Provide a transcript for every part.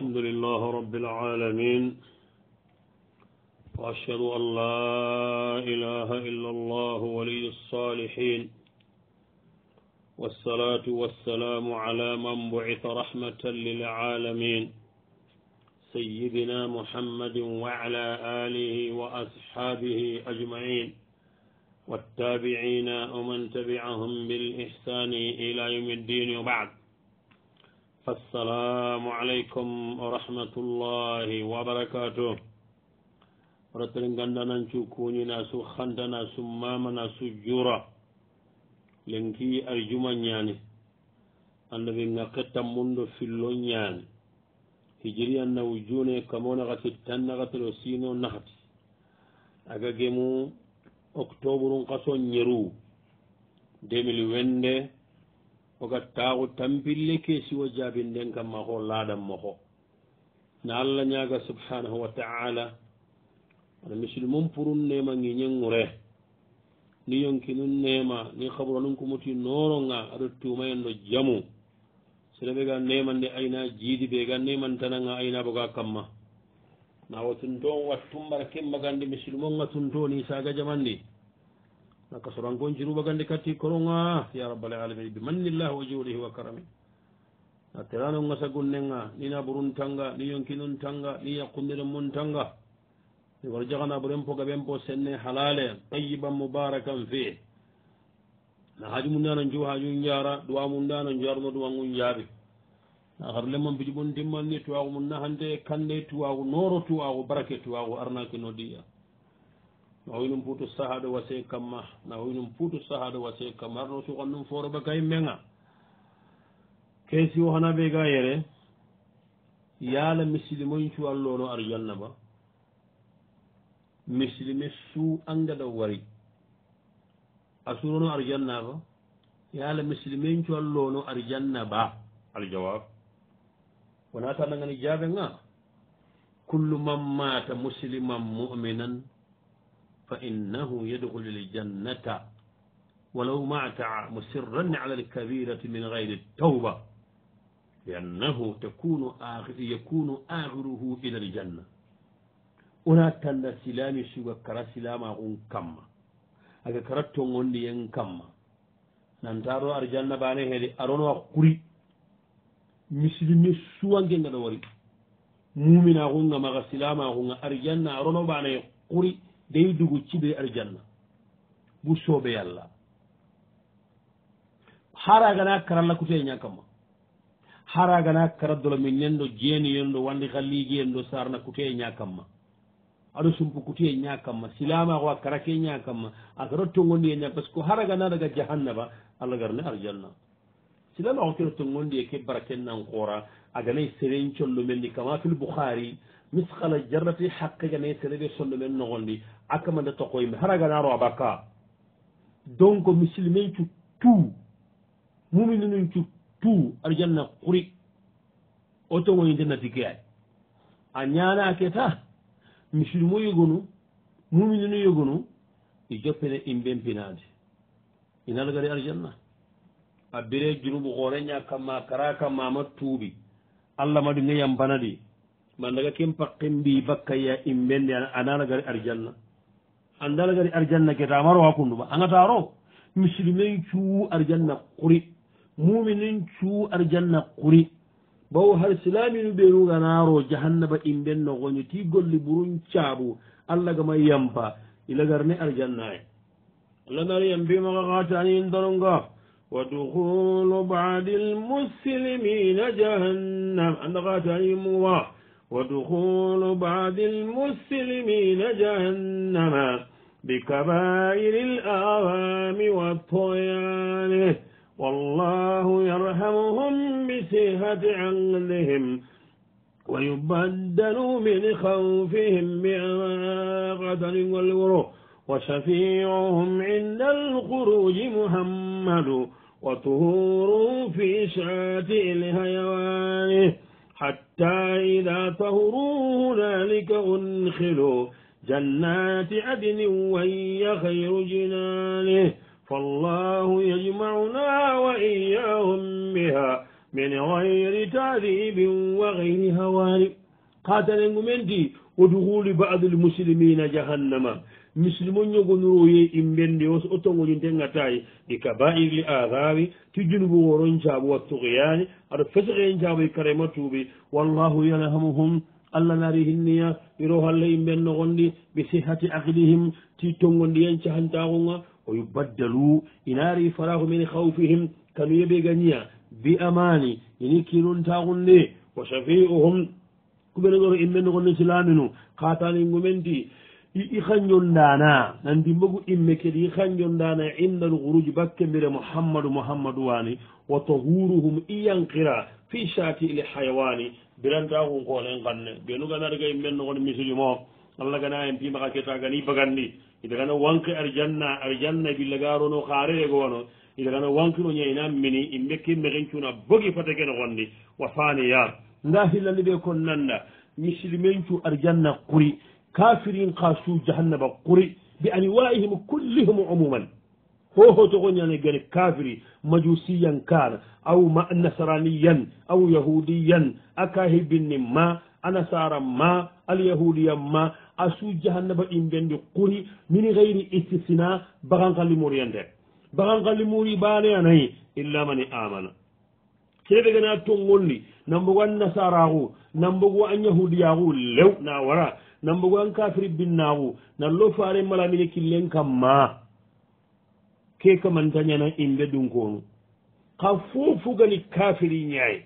الحمد لله رب العالمين وأشهد أن لا إله إلا الله ولي الصالحين والصلاة والسلام على من بعث رحمة للعالمين سيدنا محمد وعلى آله وأصحابه أجمعين والتابعين ومن تبعهم بالإحسان إلى يوم الدين وبعد assalamu aleykum wa rahmatullahi wa barakatu rotere gandanan cu kuñina su xantana su mamana su jura lenki arjuma ñaani annabi nga xetta mundo fillo ñaani hijiriya naw june kamona xati tan naxatelo sino naxati aga gemu octobre un xaso ñeru 2022 o ga taaxu tampille keesi wo jaabinden kam ma xo laaɗan ma xo na allah ñaaga subhanahu wa taala ana musulmum purun neema ŋiñenŋure ni yonki nun neema ni xaɓura nun kumuti nooronga aɗo tuumayen no jamu sene ɓe ga neemande ayna jiidi ɓe ga neemantananga ayna boga kamma na wo tunto wa tumbara kembagandi musulmonga tunto ni saaga jamandi naka sorangon jirubagande kati koronga ya rabbal alamin bimannillah wajulihi wa karami na terano gasa gonnenga ni naburun tanga ni yonkinun tanga ni yakkundiren mun tanga mi war jagana buren poga ɓen po senne halale tayiban mubarakan fe na haaju mum dano jo haaju jara duwa mum dano jarno duwa gun jaaɓe na harle mon biji mon timmanni tuwaku mum na hande kande tuwaku noro tuwaku barake tuwaku arnake no diya na hoynum putu sahaɗo wasi kamma na hoynum putu sahaɗo wasi kamma ar no sukan ɗum foroɓe kay menga keesi o hana ɓe ga yere yaala misilimoyn cu allono ar jannaba misilime suu angeɗo wari a surono ar jannaba yaala misilimen cu allono ar jannaba aljawab wona tanagani jaɓe ga kullu man mata musliman muminan فإنه يدخل الجنة ولو مات مسرا على الكبيرة من غير التوبة لأنه تكون آخر يكون آخره إلى الجنة أنا تند سلامي شو كرا سلاما أون كم أذا كرت أوني أن كم نانتارو أرجانا باني هذي أرونا كوري مسلم سوا جنگا دواري مؤمن أون ما غسلاما أون أرجانا أرونا باني كوري day dugg ci biir aljanna bu soobe yàlla xaraagana karal la kutee ñàkkama xaraagana karadolomi nendo jeeni yendo wandi xa liigiyendo saarna kutee ñàkkamma aɗo sumpu kutee ñàkkamma silamaaxo a karake ñàkkamma a kara tongondi e ñak par ce que xaragana daga jahannaba allah garne aljanna silamaaxo kene tongondi e ke barake nan xoora aganay seren collo mel ni kama fil bouxaari miskala jarrati haqqigane serede sondomen nogondi akamande tokoyme haraganaro abaka donc musilmen cu tout muminenen cu tout arjanna kuri o tongoyindena digueay a ñana keta musilmo yogonu muminenu yogonu i joppene imben pinade inalgari arjanna a bire junubu xore ña kamma kara kamma ma tuubi allah maɗu ngeyam banadi mbannaga kim pakkin mbi bakkaya im mbende anana gari arjanna andana gari arjanna ke tamaro hakkunduma angataro musilmen cuu arjanna kuri muminen cuu arjanna kuri bawo har silamino ɓeeruganaro jahannaba imben nogoño ti golli ɓurun caabu allah gama yampa ilagarni arjannae allah gar yambimagaatanin daronga wa dukulu badi lmuslimina jahannam andagatanimuwa ودخول بعض المسلمين جهنم بكبائر الآوام والطيان والله يرحمهم بسيهة عقلهم ويبدل من خوفهم بأماقة والورو وشفيعهم عند الخروج محمد وطهور في شعاته الهيوان حتى إذا طهروا هنالك أنخلوا جنات عدن وهي خير جنانه فالله يجمعنا وإياهم بها من غير تعذيب وغير هوان قاتل من دي ودخول بعض المسلمين جهنم misilimo ñogonuroye in mbende o so otongolinten gataye ɓe kabair li agawi ti junubu woron caabu wattukiyani aɗa fesaheen caabo e karema tuuɓe wallahu yarhamuhum allah nari hinniya ɓiro halla in mbennogonɗi ɓe sihati aqlihim ti tongonɗiyan cahantagonga o yubaddalu inari farako min hawfihim kanu yeɓe ganiya bi amani ini kinontagon de wo shafi'uhum kuɓenogoro in mbennogonɗi silaminu katani ngumenti i ixañol ndaana nandi mbogu imme kedi ixañol ndaana indal xuruj bakkembire mouhammadou mouhammadou waani wa tahuruhum i yanqira fi chati ili xayawaani birantaaxun xoolen xan ne benu ganarga imme noxon musulume o allah gana yen pimaxa ketaagani bagandi idagana wanki arjanna arjanna billagaarono xaare egowano idagana wankino ñayina mini imme ke mexen cuna bogi fateke noxondi wa faniya nda xillani ɓe kon nanda musulumen cu arjanna quri kafirin kasu jahannaba kuri bi anwaihim kullihim umuman hohotogoñane gene kafiri majusiyankar aw ma nasraniyan aw yahudiyan akahibinnin ma anasara ma alyahudiyan ma asu jahannaba imbendi kuri mini heyri istisina bagankalimuriyante bagankalimuri bane anayi illa mani amana keɓe gana tongolli nambogo an nasaraku nambogo an yahudiyaku lew na wara nanbogo an kafiri binnaxu nan lo fare malamine killen kam ma ke kamantañana imbe dunkonu xa fufugani kafiri ñaye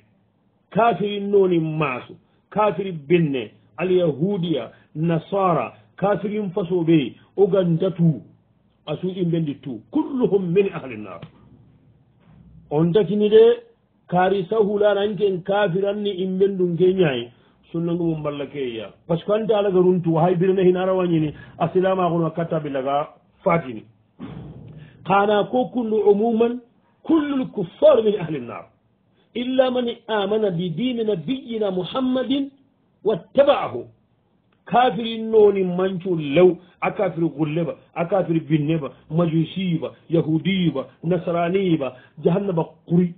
kafiri noni masu kafiri binne alyahudiya nasara kafirin faso be o gantatu a su imbendi tu kulluhum min ahli nar on takini de kari sahulananken kafiranni imbendunke ñaye sunnangu mum balla keeya par ce que hannde alaga runtu hay birene hina rawañini a silamaakuno kattabillaga fatini kana ko kunnu umuman kullu l kuffar min ahli nnar illa man amana bi dini nabiyina muhammadin wattabaahu kafiri nooni mancu lew a kafiri gulleba a kafiri binneba majusiba yahudiba nasraniba jahannaba kuri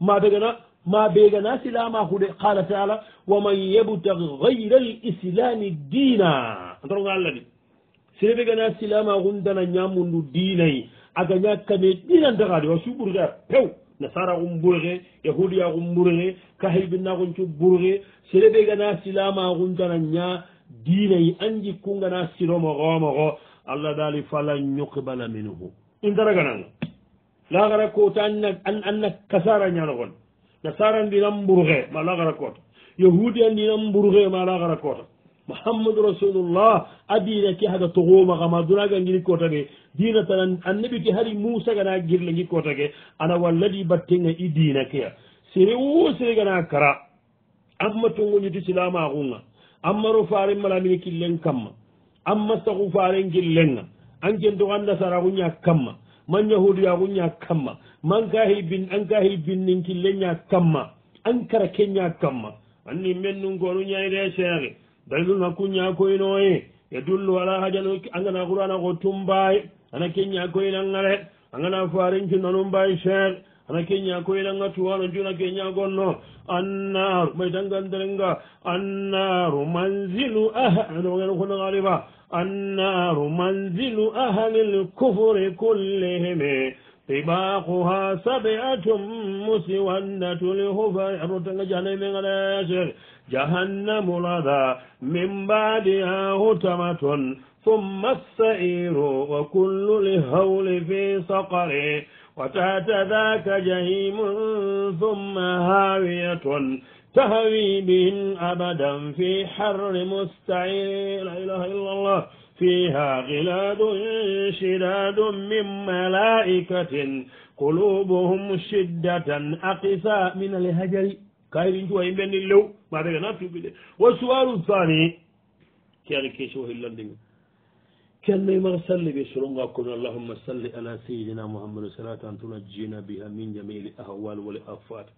ma tegana ma beegana silama huɗe qala taala waman yabtagi gayra l islami dina antorogo allah ɗi sire ɓegana silama hundana ñamundu dinayi agaña kame ɗinantakaɗi wa suɓurge a pew nasara kum ɓurge yahudiya kum ɓurge kahilbinna kuncu ɓurge sire ɓegana silama hundana ña dinayi an jikkungana siromogomogo allah dali fala ñukbala minhu intaraganaga lagara kota anna kasara ñanogon nasara ndinan mburge mala gara kota yahudi ndinan mburge mala gara kota muhammadu rasulullah adina ke haga togoma kama dunaga ngini kota ge dina tan annabi ke hari musa gana girle ngi kota ge ana walladi battenga i dina ke sere wo sere gana kara amma tungu nyiti silama gunga amma ro faare mala min killen kamma amma sagu faare ngillenga anken to ganda sara gunya kamma man yahuduyaxuña kamma man kahi bin an kahi binnin killeña kamma an kara keña kamma anni men num konu ñayide cheikhe dalilu na kuña koynoye ya dullu ala hajal angana xurana xo tumbaye ana keña koynanga le angana farincu nanumbaye cheikhe ana keña koynanga tuwano juna keña gonno annar maytangandarenga annaru manzilu ah anaogen xunaxaliba النار منزل أهل الكفر كلهم طباقها سبعة مسونة لهفر جهنم لذا من بعدها هتمة ثم السعير وكل الهول في صقر وتات ذاك جهيم ثم هاوية تهوي بهن أبدا في حر مستعير لا إله إلا الله فيها غلاد شداد من ملائكة قلوبهم شدة أقسى من الهجر كاير جوا يمين اللو ما نفسه تبدي والسؤال الثاني كان كيشوه اللندن كان ما صلي بشرونغا كن اللهم صل على سيدنا محمد صلاة تنجينا بها من جميع الأهوال والأفات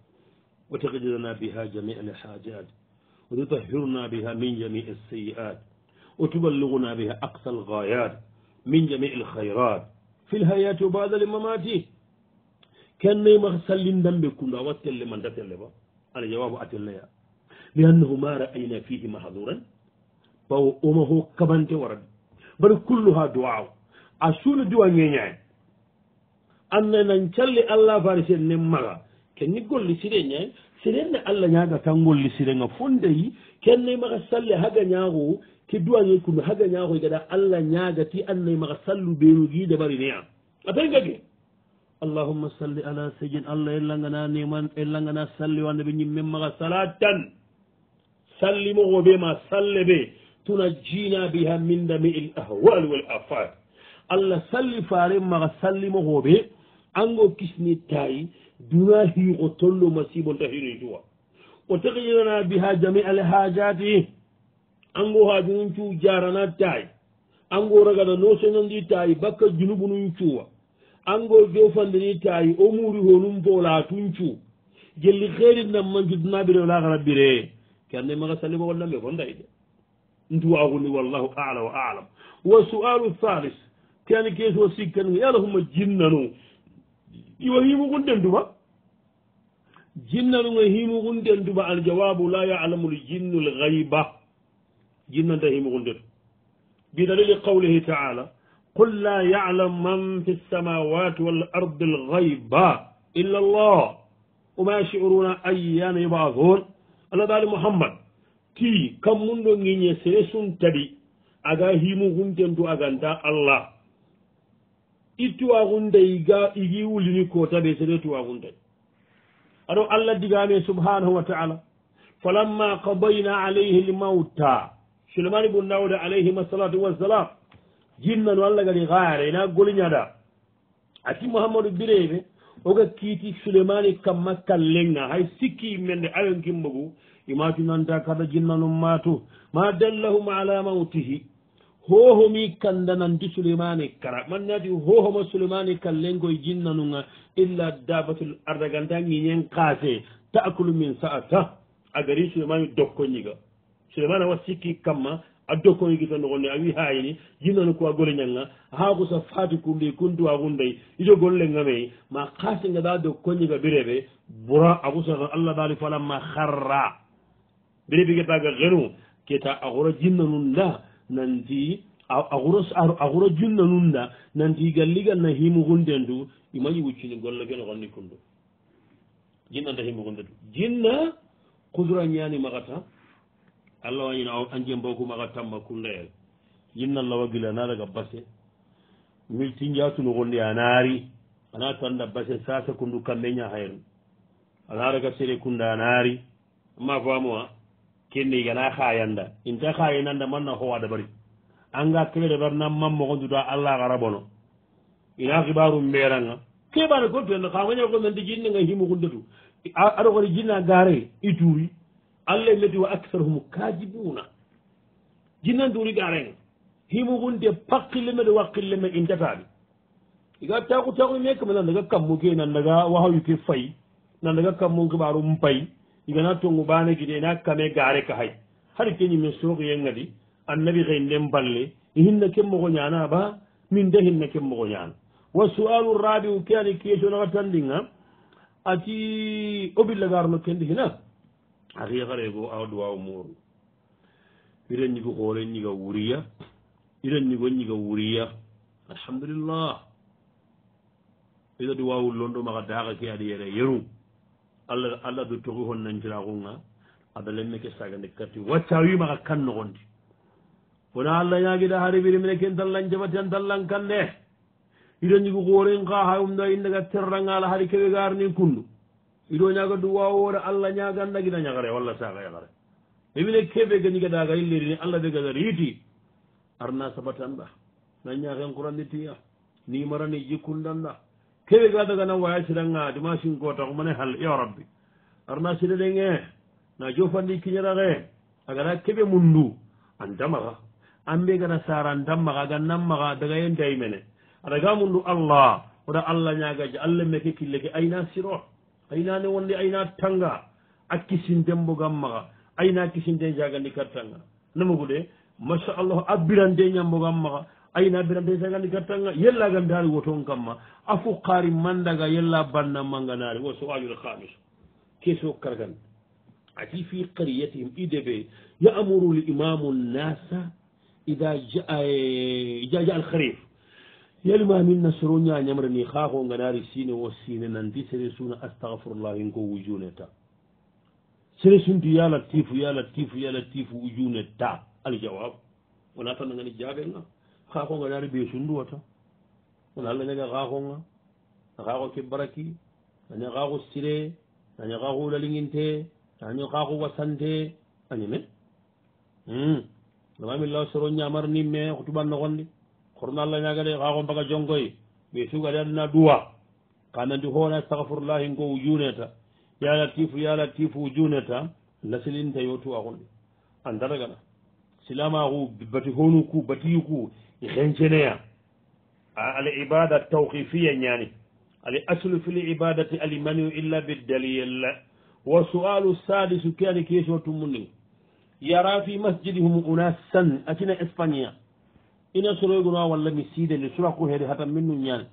وتغفر بها جميع الحاجات وتطهرنا بها من جميع السيئات وتبلغنا بها أقصى الغايات من جميع الخيرات في الحياة وبعد الممات كان ما سلين دم بكنا واتل من على الجواب أتلنا لأنه ما رأينا فيه محظورا فهو أمه كبنت تورد بل كلها دعاء أشون دعاء نينيان أننا نشل الله فارسين نمغا kenni gollisire ñaay sirenne allah ñaaga tan gollisirenga fondeyi kennayi maxa salle haga ñaaxo ke duwangel kumi haga ñaaxoy e gada allah ñaagati annayi maxa sallu ɓeenugi ɗemarineya atengage allahumma salli ala seien allah ellangana neman ellangana sallewande ɓe ñimmen maxa sala tan sallimoxo ɓe ma salle ɓe tuna jina biha min dami il ahwali wal afar allah salli faren maxa sallimoxo ɓe ango kisni tayi duna hiiko tollo masibon tahino duwa o tahirana biha jami ale hajati ango hajunun cu jarana tay ango ragada nosenandi tay bakka junubunun cuwa ango jofandini tay o muri honum folatun cu gelli heri nammanjudunabire olaharabire kerne maga salimo wallame konday de ntuwahuni wallahu ala wa alam wa sual thalis kene keso sikkan yalahuma jinnano iwo himugun denduma jinna ɗum e himugun denduma aljawabu la yalamu ljinnu lgayba jinna nda himugun dendu bidalili qawlihi taala qul la yalam man fi lsamawati walardi lgayba illa llah uma yashuruna ayyana yubaathun allah daali muhammad ti kam mun ɗo ŋiñe sesun tadi aga himugun dendu aganta allah i tuwaxundayi ga igi wulini koota ɓe sene tuwaxunday aɗo allah digame subhanahu wa taala falamma kabayna alayhi lmauta suleiman ibun dawda alayhima salatu wassalam jinnanu allah gadi xaare na goliñaɗa ati mouhamadou bireɓe oga kiiti suleimani kamma kallenga hay sikki yimmende awen kimbogu imatunanta kada jinnanu matu ma dallahum ala mautihi hohomi kalla nandi suleimane kara mannati hohoma suleimane kallengoy jinnanuga illa dabatul ardaganta ñiñen kaase taakulu min saata agari suleimane dokkoñiga suleimane awa sikki kamma a dokkoñigi to nogonde a wi hayini jinnanu kuwa goleñanga ha kusa faati kunde kuntuwa kundey ido gollengamey ma kaasinga da dokkoñiga bireɓe bura a kusaa allah dali falamma harra birebigetaga genu keta a xura jinnanun da nanti axuro junna nunda nanti galligal na himuxunden du imaƴi wuccini golle ken xonni kundu jinna nta himuxunde du jinna kudura ñaani maxata allah wañina a njembogu maxatanma kundayel jinna lawa gila na daga base milti njatunu xundi anaari ana tanda base sase kundu kambe ñaxayru ana daga sere kunda anaari ma famuwa kenni gana hayanda inta hayinanda manna ho wada bari anga kede bar nam mam mogon duda allah garabono ina xibaru mberanga ke bar ko ten ka ngonya ko nan digin nga himu gundatu ado ko jinna gare ituri allah lati wa aktharuhum kajibuna jinna duri gare himu gunde pakkile me wakkile me indatabi iga taku taku me kam nan daga kam mu ke nan daga wahayu ke fay nan daga kam mu ngibaru mpay igana to ngubane gide ena kame gare ka hay hari keñi min sooki yen ngadi annabi hay nden balle hinna ken mogo ñana ba min de hinna ken mogo ñana wa sualu rabi u ke ani question naga tandinga ati obillagarno kendi hina axiye xare go a duwawo muru iren ñigo xoore ñiga wuriya iren ñigo ñiga wuriya alhamdulillah ida duwawu londo maxa daxa ke adi yere yerum allah allah do togi hon nanndiraagunga abalenne ke sagande karti wacca wimaka kan nogondi wona allah ñaagida hariɓiri mine ken dallan jabatian dallan kande iɗo jigi koorin ka ha umda indaga terrangala haɗi keɓe garni kundu iɗo ñaaga du wawore allah ñaganndagina ñagare walla saga yagare ɓe mine keɓe gañiga daga illerini allah de gagar yiiti arna sabatan ɓa nan ñaken kuranditiya nimarani jikkundanɗa kewe ga daga nan waya sira nga dima sin ko ta kuma ne hal ya rabbi arna sira de nge na jo fandi kinyara re aga na kebe mundu an damaga an be ga na sara an damaga ga nan maga daga yen dai mene ada ga mundu allah oda allah nya ga ja allah me ke kille ke aina siro aina ne wonni aina tanga akki sin dembo gamaga aina kisin de jaga ni kartanga namugude masha allah abiran de nyambo gamaga ayna bira be sagandi gattanga yella gandaari woton kamma afu kaari mandaga yella bannamanganaari wo soalul hamis keso kargandi ati fi qaryatihim ide ɓe yamuru limamu nnasa ida ja ja alharif yalima min nasoro ñañamrani haaho ganari sine wo sine nandi sere suna astahfirullah en ko wujuneta sere sunti ya latifu ya latifu ya latifu ujune ta aljawab wona tan nagani jaaɓenga xaaxonga daana ɓeesunduwa ta kono allah nega xaaxonga a xaaxo ke baraki ane xaaxo sire ane xaaxo wulalinginte ane xaaxo wasante ane me lamamillaw hmm. soro ñamar nin me xutuɓan noxon de xorno allah ñagade xaaxo mbaga jongoy ɓeesugade adana duwa ka nandi xoona stahafirullahi ngo wujuneta ya latif ya latif wujuneta lasilinta yo tuwaxun de andaragana silamaxu bati honu ku batiyu ku ihenjeneya ala ibada tawkifiya ñani ali aslu fi libadati alimaniu illa bidalila wa sualu sadisu ke ani question tumundi yara fi masjidihum una san atina espagnea ina soroyguna walla mi sidendi suraku hede hata minnu ñani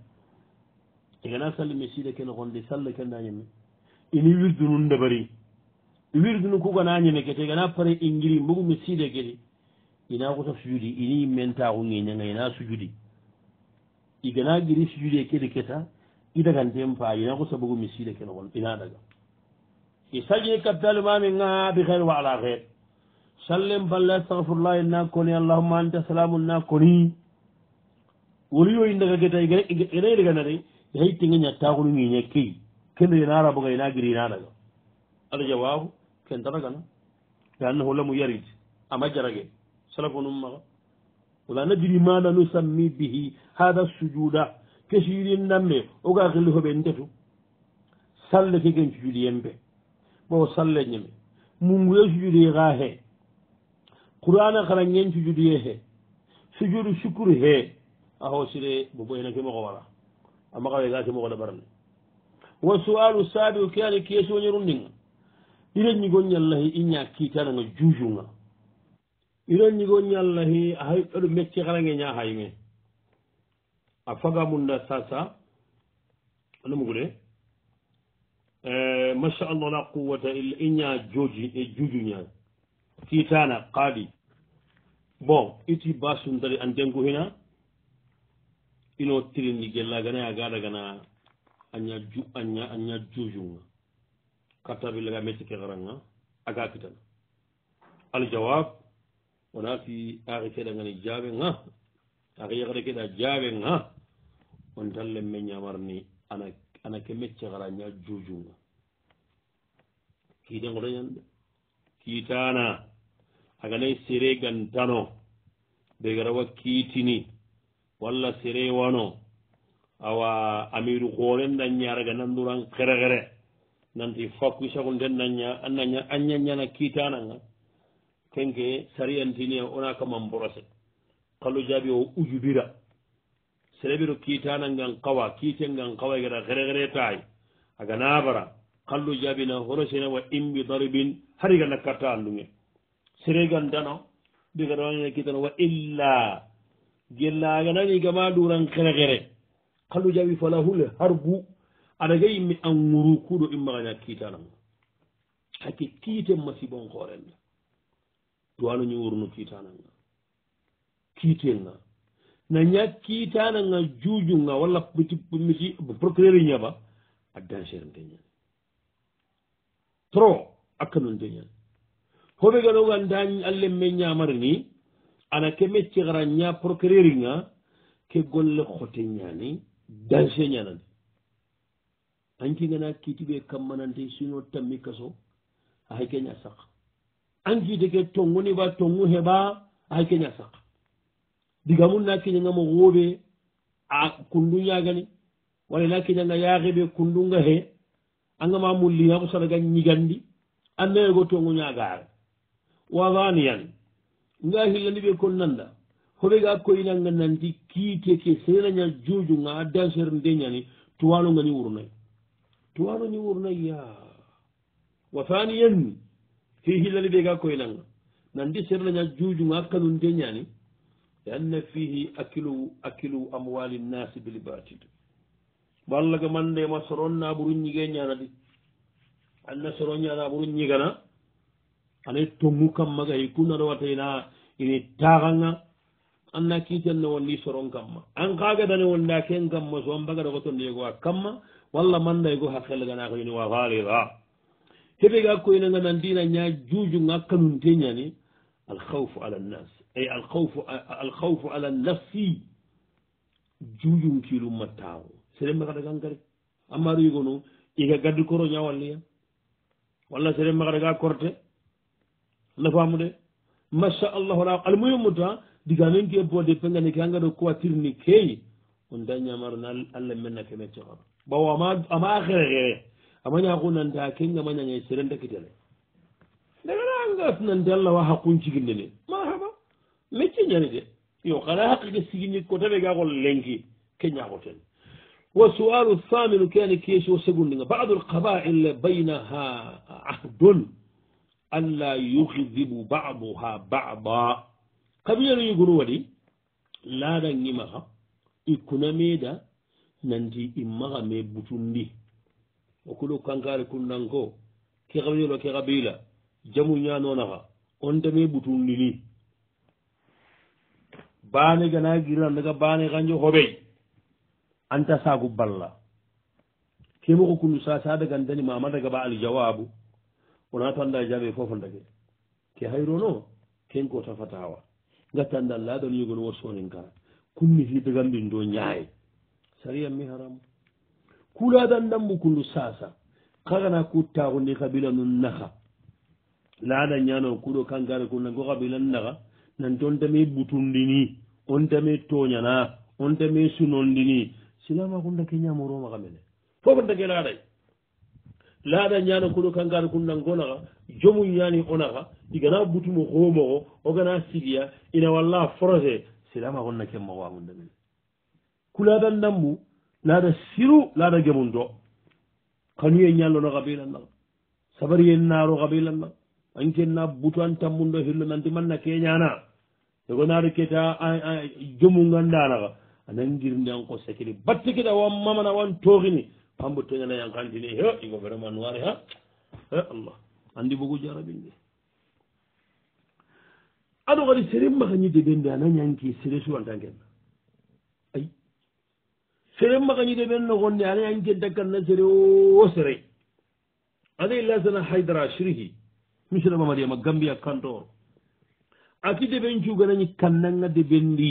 igana salli mi sida kene gondi salla kenda ñemi ini wirdunu ndabari wirdunu kuga na ñemi kete igana pare ingiri mbugu mi sida ina goto sujudi ini yimmentaaxunge ñanga ina sujudi i gana giri sujudi e kedi keta i dagantem fa ina ko sabagu mi siile ke noxon ina daga i sajini e kabdalumamin ga bi xeer wa ala xeer sallen balle astahfirullah inna koni allahuma anta salamu na koni woluyo i ndaga geta gana i ndagana de yahay tenge ñattaaxunu ngiñe key kene ina raboga ina giri ina daga ada jawabu kentaragana ganna holamu yarit ama jarage salafonum maxa wala nadiri mana nusammi bihi hada sujuda kesiirin namme oga xilihoɓe ndetu salle kegen cujudiyembe bo salle ñeme mungue sujudi xa he qur'ana xara gen cujudiye he sujudu sukur he axo sire boboyna ke moxo wara a maxawega ke moxo ɗabarne wa sualu sabiu ke ani kesoñerundinga ɗire ñigo ñallahi i ña kiitananga juujunga iran ñigo ñallahi hay ɗoɗo mecci xarange ña hay me a faga munda sasa anamugude eh, machallah la quwata illa i ña joji e juju ña titana qaadi bon iti basundari an denguhina ino tirindi gellaganaya gaadagana aña ju aña aña juujunga kartabillaga mecci ke xaranga aga kitan aljawab wona fi aari feɗangani jaaɓen ha aari yagade keɗa jaaɓen ha on tallen men ñamarni ana ana ke mecce gara ña juujunga kiiden ko dañanɗe kiitana aganayi sere gantano ɓe garawa kiitini walla sere wano awa amiru hoore dañaraga nanduran kere kere nanti fakkuy sagu nden aña aña añañana kiitanaga kenke sariyantini ona kaman borose kalu jaabi o ujubira serebiro kiitana ngan kawa kiite ngan kawa e gera herehere taay aga naabara kallu jaabi na horosena wa imbi daribin hariga nakkarta allunge seregan dano ɓigaɗaanina kiitana wa illa gella aganani gama ɗuran herehere kallu jaabi falahule harbu adaga yimmi an wuru kuɗo immagaña kiitanan hakke kiite masibon koorenda duwano ñiworuno kiitanal nga kiitel nga na ñak kiitanal nga juuju nga walla miti procureur ñaba a dangere ndeñan trop akkano ndeñan hoɓe ganoga ndañ alle me ñamar ni ana ke meccikara ña procureur nga ke golle xote ñani dangere ñanani anki ngana kiiti ɓe kammananta sino tammi kaso a hay keña saqa angideke tongu niba tongu heɓa a keña saka diga mun na keñangamo wooɓe a kundu ñagani walla na keñanga yaaxeɓe kundunga he angama mulli ha kusaraga ñigandi annayego tongu ñagaare wavaniyan nga hillaniɓe kon nanda hoɓe ga koyinanga nandi kiiteke senaña juujunga a danseur nde ñani tuwanonga ni wurnayi tuwanoni wurnayi ya wa faniyanni fii hilali ɓe ga koye nanga nandi serlaña juujunga kanum deñani e anna fihi akilu akilu amwali nnasi bil batil ba allaga mandema soro naɓurun ñige ñana ɗi anna soro ñanaɓurun ñigana ana tongu kamma ga hi e kunaɗowata ina ini taxanga anna kiitenne wonni soron kamma an kagadane wonda ken kamma so an mbagaɗa ko tonde yego wa kamma walla mandaygo e ha xelganaxo ini wa valira tefega koynanga nan dina ña juuju ngakkanunte ñani alhawfu ala nnas ey alhawfu alhawfu ala nafsi juujunkilumma taawo seremakata gankari amaru yigo noon iga gaddi koro ñawalliya walla seremakata ga korte nafamu de macha allahu ala almuyummuta diga men ke boode pengani ke angaɗo kowatirni keyi on dañamaro na allah menna ke mecce koro bawo ama ama hereere amaña hakunanta kenga mañaña e serende kitene ndegarangasnante allah wa hakkun ciginnene marhaba mecce ñani de yo kada hakkike sigini ko tawe gako lenki keñako ten wa sual lthaminu kene keesi o segundinga badu lqabaile baynaha ahdun anla yuhdibu baduha bada kabiñano yigunu waɗi laada ngimaha ikkuna meeda nanti immaha me butundi o kulu kankari kun nanko kekabiyolo kekabila jamu ñanonaha on deme ɓutunnini bane gana girna daga bane ganjo hoɓey anta sagu balla kemoko kunu sasa daga ndani mama daga ba aljawabu wona to anda jaɓe fofo dage ke hayrono ken ko tafatawa gattandan laɗon yigol wo sonin kara kummisi daga mbin do ñaye sariyammi haramu kulaadan ndambu kullu saasa kagana kuttaaku ndi kabila nu naxa laada ñaanoo kuɗo kangare ku nango kabila naxa nanti on tame butundini on tame tooñana on tame sunondini silama ku ndake ñamoromaxa mene fofo ndake laaday laada ñaano kuɗo kangare ku nango naxa jomu ñaani o naxa igana butumu xoomoxo o gana sigiya ina walla forose silama ku ndake maxoamundamene kulaadan ndambu laaɗa siru laaɗa gemum do kañuye ñallono kabila nag sabari en naaro kabila nag añten na butu an tammum ɗo hillo nanti manna keñana e ko naaɗo keta jomu ganndanaka a nangirnden ko sekili batte kiɗa wan mamana wan tooxini pambo teganayan kantini he iko vraiment noire ha e allah anndi bogu jarabinde aɗo kadi serimma ka ñidde ɓennde a nañanki sere suwantan kenna sere magañi de ɓen no gonne ana yañte dakkat na sere o sere ada lasana haydara sirihi misra mamadiyama gambia kantor aki de ɓen cuganañi kannanga de ɓen ndi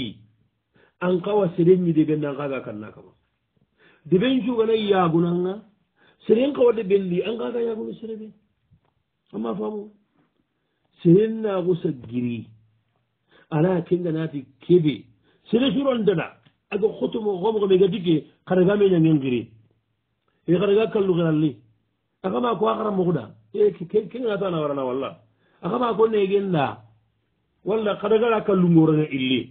an kawa sereñi de ɓen ankaga kanna kama de ɓen cugana yagunanga seren kawa de ɓen ndi an kaga yagunu sere ɓen amma famu seren nagusa giri ana kengana ti keɓe sere suron dada ago hotumo homoko mega digge karaga meñangengiri e karaga kalluginalli akama ko akara mukda e kegatana warana walla akama ko negenda walla karagala kallungoranga illi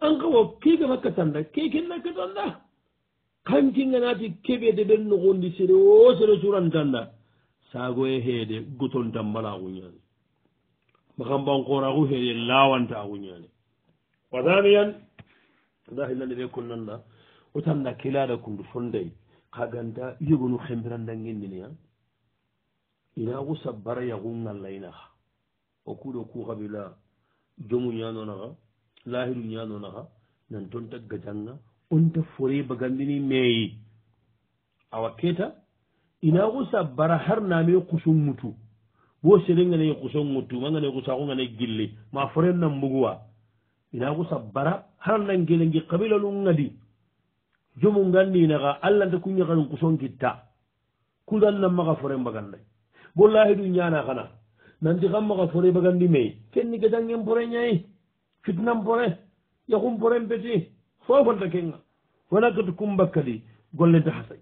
ankawo kegamakka tanda kekennakka tanda kankinganati keɓede ɓen nogondi sere o sere curantanda sago e heede gutontan mala kuñani makambankoraku heede lawanta kuñani wasamiyan dahilande ɓe kon nanna o tanna kelaɗa kundu fonday ka ganta yogonu xembirandangindiniya ina wusa bara yaxu ngallaynaxa o kuɗo ku xabila jomu ñanonaxa lahiru ñanonaxa nantonta gajanga onta fore bagandini meyi awa keta ina xusa bara har name xuso mutu bo serenganayi xuso ŋottu mangana xusaxu ngana gilli ma forennan buguwa inagu sabbara harannangelengi kabila lungadi jomu ngandinaga allante kuñakanin kusonkitta kudan nan maga fore mbaganday wallahi du ñana kana nanti kam maga fore bagandi mey kenni gedangen pore ñayi fitnan pore yakum pore mbeti fofonta kenga wanakatu kumbakkadi gollenta hasay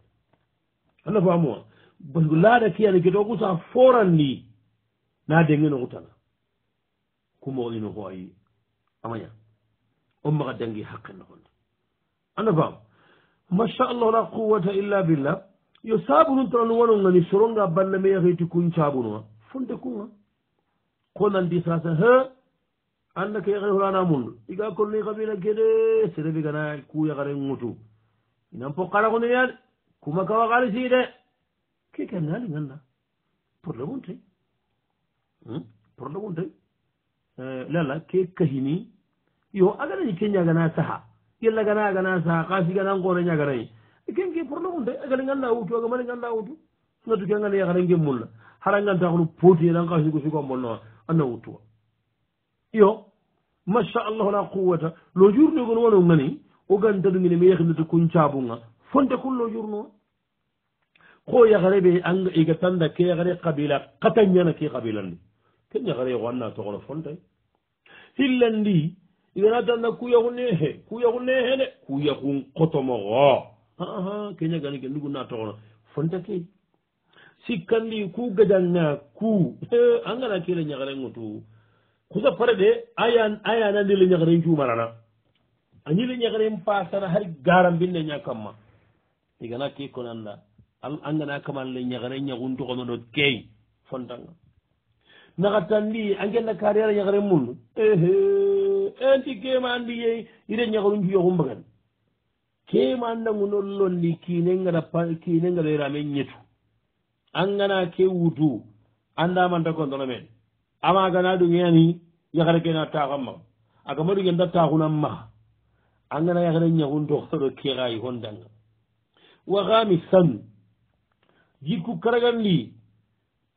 ana famuwa basgu laada kiyani keto kusa forandi na dengenokutana kumoinoko ayi amaña o maxa dangi haqe noxonde anda faam masaallah la quwata illa billah yo saabununtarano wanongani soronga balla me yaxeeti kun caabunuwa fonde kunga ko nandi sasa he anda ke yaxe xolana mundu iga kolne xabina kede serefi gana ku yaxare ŋutu inan po xaraxuneyaade kuma kawa xalisi de keke naali ganda problème ontey hmm? problème ontey eh, lala ke kahini yo aganani ken ñagana saha yella gana agana saha kasi gana ngoore ñaganayi e ken ke probléme unta agale ganda wutu agamane ganda wutu ngatu ke ngane yakhare ngem mulla hara ngantakhlu potie dan kasi ko sigo mbolno anna wutuwa yo masha allahu la quwata lo jurno gon wono ngani o ganta dum ni me yakhne to kun chabu nga fonte kullo jurno ko yakhare be anga iga tanda ke yakhare qabila qatanyana ke qabilan ken yakhare wanna to gono fonte hillandi igana danna kuyahu nehe kuyahu nehene kuyahun kotomogo aa keñagani ke ndugu na togono fontake sikkandi ku gadanna ku angana kele ñagarengutu kusa pare de ayanandi le ñagaren cumarana añi le ñagaren pasana har garambinne ñakamma igana ke konanda angana kaman le ñagaren ñaguntogonono key fontanga naxatandi angenna kariyara ñagaren munu ehe anti geman di ye ire ñagaru mbiyo xumbagan keman dangu no londi kiinengakiine nga layirame ñetu angana ke wutu andamanta contono men ama gana dungeani yakare kena taxa mag aka maɗugenta taxuna maxa angana yakare ñaguntoxoro kexayi hondanga waxami san jikku karagan li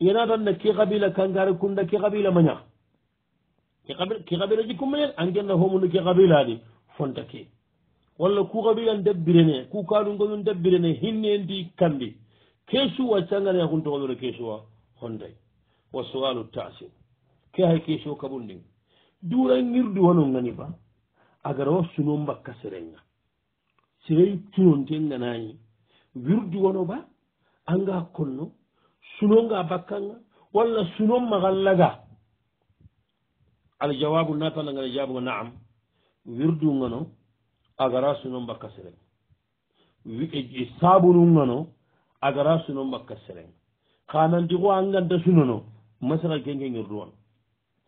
yenatan na ke xabila kankare kunda ke xabila mañax ke kabila ji kummanel angenna homunu ke kabila ɗi fontake walla ku kabilan dabbirene ku kalungoyum dabbirene hinnendi kandi keesuwa cangane akuntokoɓeno keesuwa hontay wa sualu tasir ke hay keesuwa kabundin durangirdu wano gani ba agara wa suno mbakka serenga serei cunonten ganayi wirdu wano ba anga konno sunonga bakkanga walla suno magallaga al jawabu natana ngala jabugo naam wirdu ngano agara suno mbakka wi e sabu nu ngano agara suno mbakka sereng kananti ko anganta sunono masaka kenge ngirduwan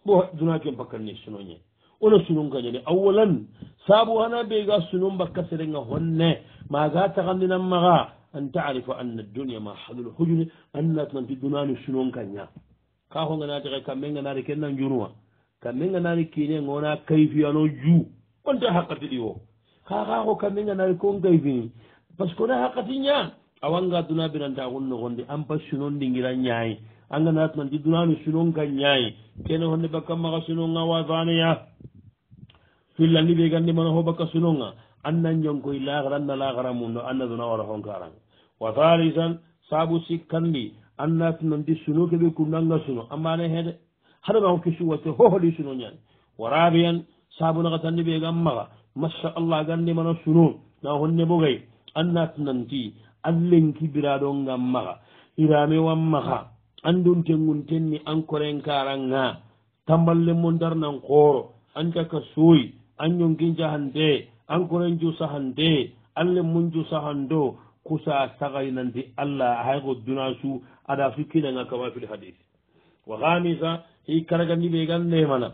bo duna ke bakkan ni ken bakkanni sunoñe wona sunun ni awalan sabu hana be ga ɓega sunun bakka nga honne ma ga ta maga ma ga an taarifa anna ad-dunya ma hadul halul tan annatananti dunani sunun kaña ka honganati ka kammenganari kennan juruwa kamɓe ganani kine gona kayfiyano ju onta hakkati ɗi o kakako kamɓe ganani kon kayfini par ce que ona hakkati ña awanga duna biranta kon nogonde an pa sunon ɗingira ñayi an gana tunanti dunani sunon ka ñayi kene honde bakka maka sunon a wasaneya fillandi ɓe gandi mana ho bakka sunon a annan jonkoy lakara anna lakara mum no anna duna wara hon karan wasalisan saabu sikkandi anna tunanti suno keɓe kurnanga suno ambane heede haɗa ma hokki suwatte hoholi suno ñani waraɓeyan sabu naka tanni ɓe gam maga machallah gande mana suno na honne bogay annatnanti allen kibiraɗo gam maga irame wan maga andun tengun tenni encoren karan ga tamballe mo darnan kooro an caka sooyi an yonkinca hante encoren jusa hante allen mun jusa hando kusa sagari nanti allah hayko duna su aɗa su kinanga kamafil hadise wa hamisa hi karagandi ɓe gandemana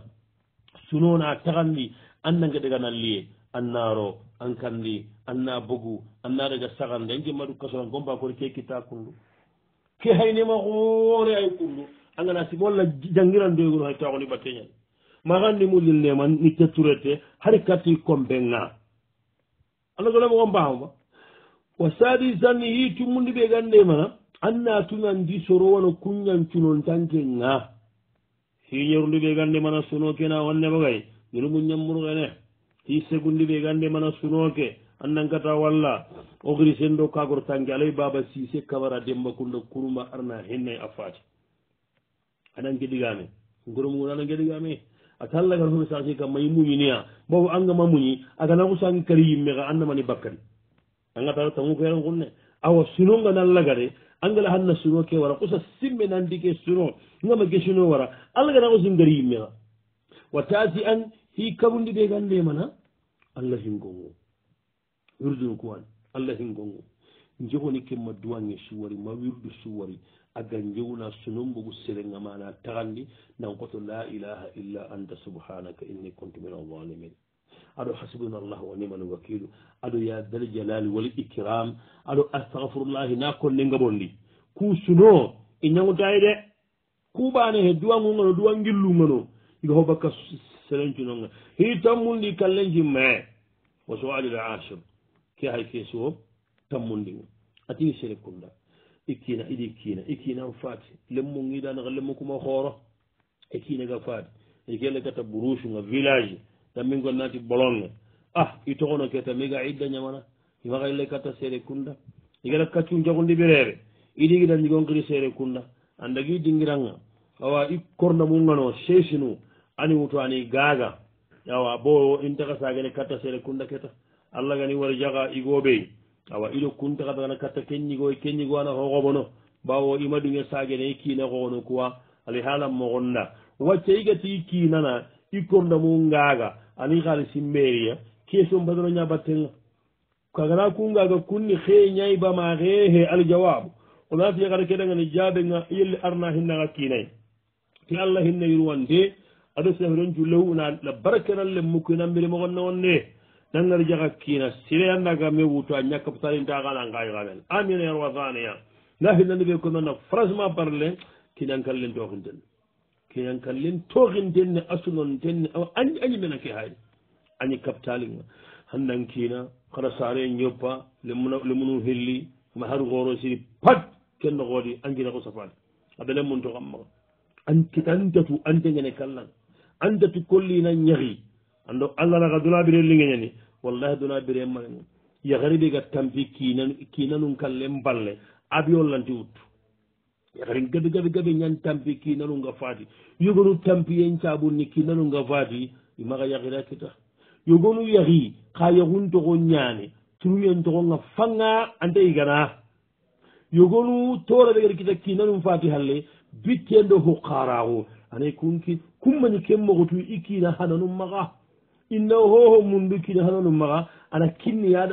sunona tagandi e, anna geɗe ganalliye annaro an kandi anna bogu anna daga sagande an gemmaɗu kasola gomba kori ke kitta kundu ke haynema hoore ay kundu a gana sibolla janguiran doygoru hay tagoni batteñan magandi mulilnema ni ketturete hari katti kompe ga allah golema o mbahamba wa sadisan hi tummundi ɓe gandemana anna tunandi soro wano kuñan cunon tanke nga siñerundi ɓe gande mana sunoke na wannemagay nunu mu ñammurgene ti segundi ɓe gande mana sunoke annankata walla ogri sendo kagor tanke alay baba sise kabara demba kunda kuruma arna henne a faati aɗan geɗigame goromu ngon aɗan geɗigame a tallagal fo ɓe sasi kam ma i muñiniya bawo angama muñi agana kusangi kari yimmeka annamani bakkadi angata tamu kaeren kunne awa sunonga nallagade angala hanna suno ke wara kusa simme nandike suno ngama gesuno wara allah gana kusum gari yimmea wa taati an hi kabundi ɓe gande mana allah hingongo wirdun kuwan allah hingongo jehoni kemma duwange suwari ma wirdu suwari aga jewna sunumbogu serengamana tagandi nan koto la ilaha illa anta subhanaka inni contu min alzalimin aɗo hasbuna llah wa niman wakilu aɗo ya dal jalali wal ikram aɗo astahfirullahi na konne gaɓonndi ku suno e ñagotayi de kuɓane he duwagugano duwan gillugano iga ho bakka selencunoga hi tammundi kallenji ma wa soalil asir ke hay keesi o tammundiga atini sere kunda e ikina iɗi e kina e ikinan faati lemmo giɗanaga lemmo kuma hooro e kinaga faati e kelle kata brouchunga village tammin gonnati bolonge ah i togono ke tammi ga idda ñamana imaxa ille katta seere kunda igana kaccum jogondiɓe reere iɗiginan ñigonkiri seere kunda andagi dingiranga awa i korna mungano seysinu ani wuto ani gaaga awa bo in taxa sagene katta seere kunda keta allah gani war jaga igoɓey awa iɗo kun taxa dagana katta ken ñigo ken ñigo ana xoxobono bawo imaɗunge sagene i kiina xoxono quwa alihala moxonda wacca igati i kiinana i korna mu ngaaga ani xaali si mairie a question mbadoro ñabattenga kagana kungaga kunni xe ñaybama xeexe aljawabu onaa fiya xata keɗangani jaɓenga yelle arna hinnanga kiinay ti allah hinna yurwan de ado sinafiron julew na la barakenalle mukkina mbiri moxon naon ne nangar jaxa kiina sire anndaga me wuto a ñakkap salintaxana ngaayoxamen amina yarwasaneya nda hinnandi fe konona francement parle kinankallentooxinten ke yankal len toxin denne asunon denne a añi añi mena ke hayri añi kaptalinga handankina xara sare ñoppa lemunu helli ma har xooro siri pat ken noxoodi angina xo safaani a ɓele mun to xammaxa an kita andatu andengene kallang andatu kollina ñaxi ando allanaxa duna bire lingeñani wallahi duna bire manen yaxari ɓega tampi kinanum kallen balle abiyo lanti wuttu ren gabe gabe gabe ñan tampi ki nanunga faati yogonu tampi yen caɓunni ki nanunga faati imaxa yaxira kita yogonu yaxi xa yaxun toxo ñaane turuyen toxonga fanga anta igana yogonu tora degeri kita ki nanun faati halle bittendo fo xaraxu ana kunki kummani ken moxotu i kina hananu maxa inna hoho mundu kina hananu maxa ana kinni a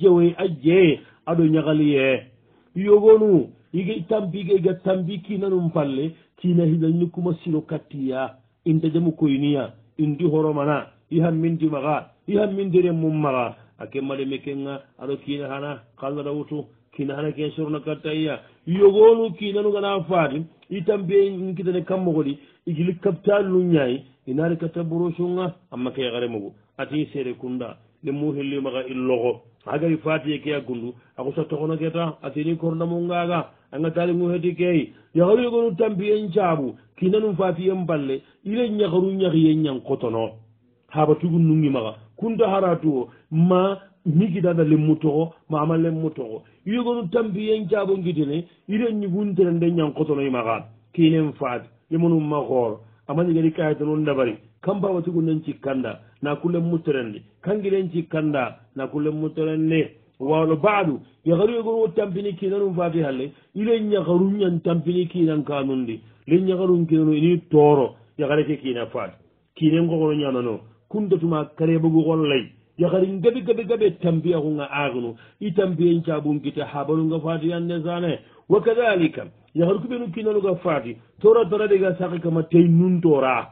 jewe a jee aɗo ñaxaliye yogonu ige tambiga iga tambi kinanum palle tina hidanni kuma sino kattiya inda jamu koyniya indi horomana ihammindi maga ihammindiren mum maga ake maɗeme kenga aɗo kina hana kalara wutu kina hana ken sorna kattaiya yogonu kinanu gana faati i tambiye inkitane kammogoɗi igili kaptalinu ñayi inari katta borosunga amma kee xaremugu atii sere kunda lemu hellimaga illogo agari fatiye ke a gundu ako sa tokono keta atini kornamungaga anga tali muheti key yahoru yegonu tampiyen caabu kinanum fatiyen balle ile ñakaru ñakiyen ñang kotono haba tugu nungimaga kunta haratuo ma mikidada lemmu toxo mama lemmu toxo yegonu tampiyen caabo ngitine ile ñiguntenende ñang kotono imaga kinen fat yemonu ma xoor amanigadi kayetanu ndabari kam baba tugu nen cikkanda na kulle muttorende kangiren cikkanda na kulle muttorende walo baadu yakaru yegon wo tampini kinanum faafi halle ilen yakaru ñan tampini kinan kanundi len yakarun kinano ini tooro yakare ke kina faat kinen kokono ñanano kuntatuma karebagu xollay yakarin gabe gabe gabe tampiya kunga aagunu i tampiyen cabunkita habanunga faati yande sane wa kadalika yakaru kubenu kinanuga faati tora tora diga saki kama tey nun toraa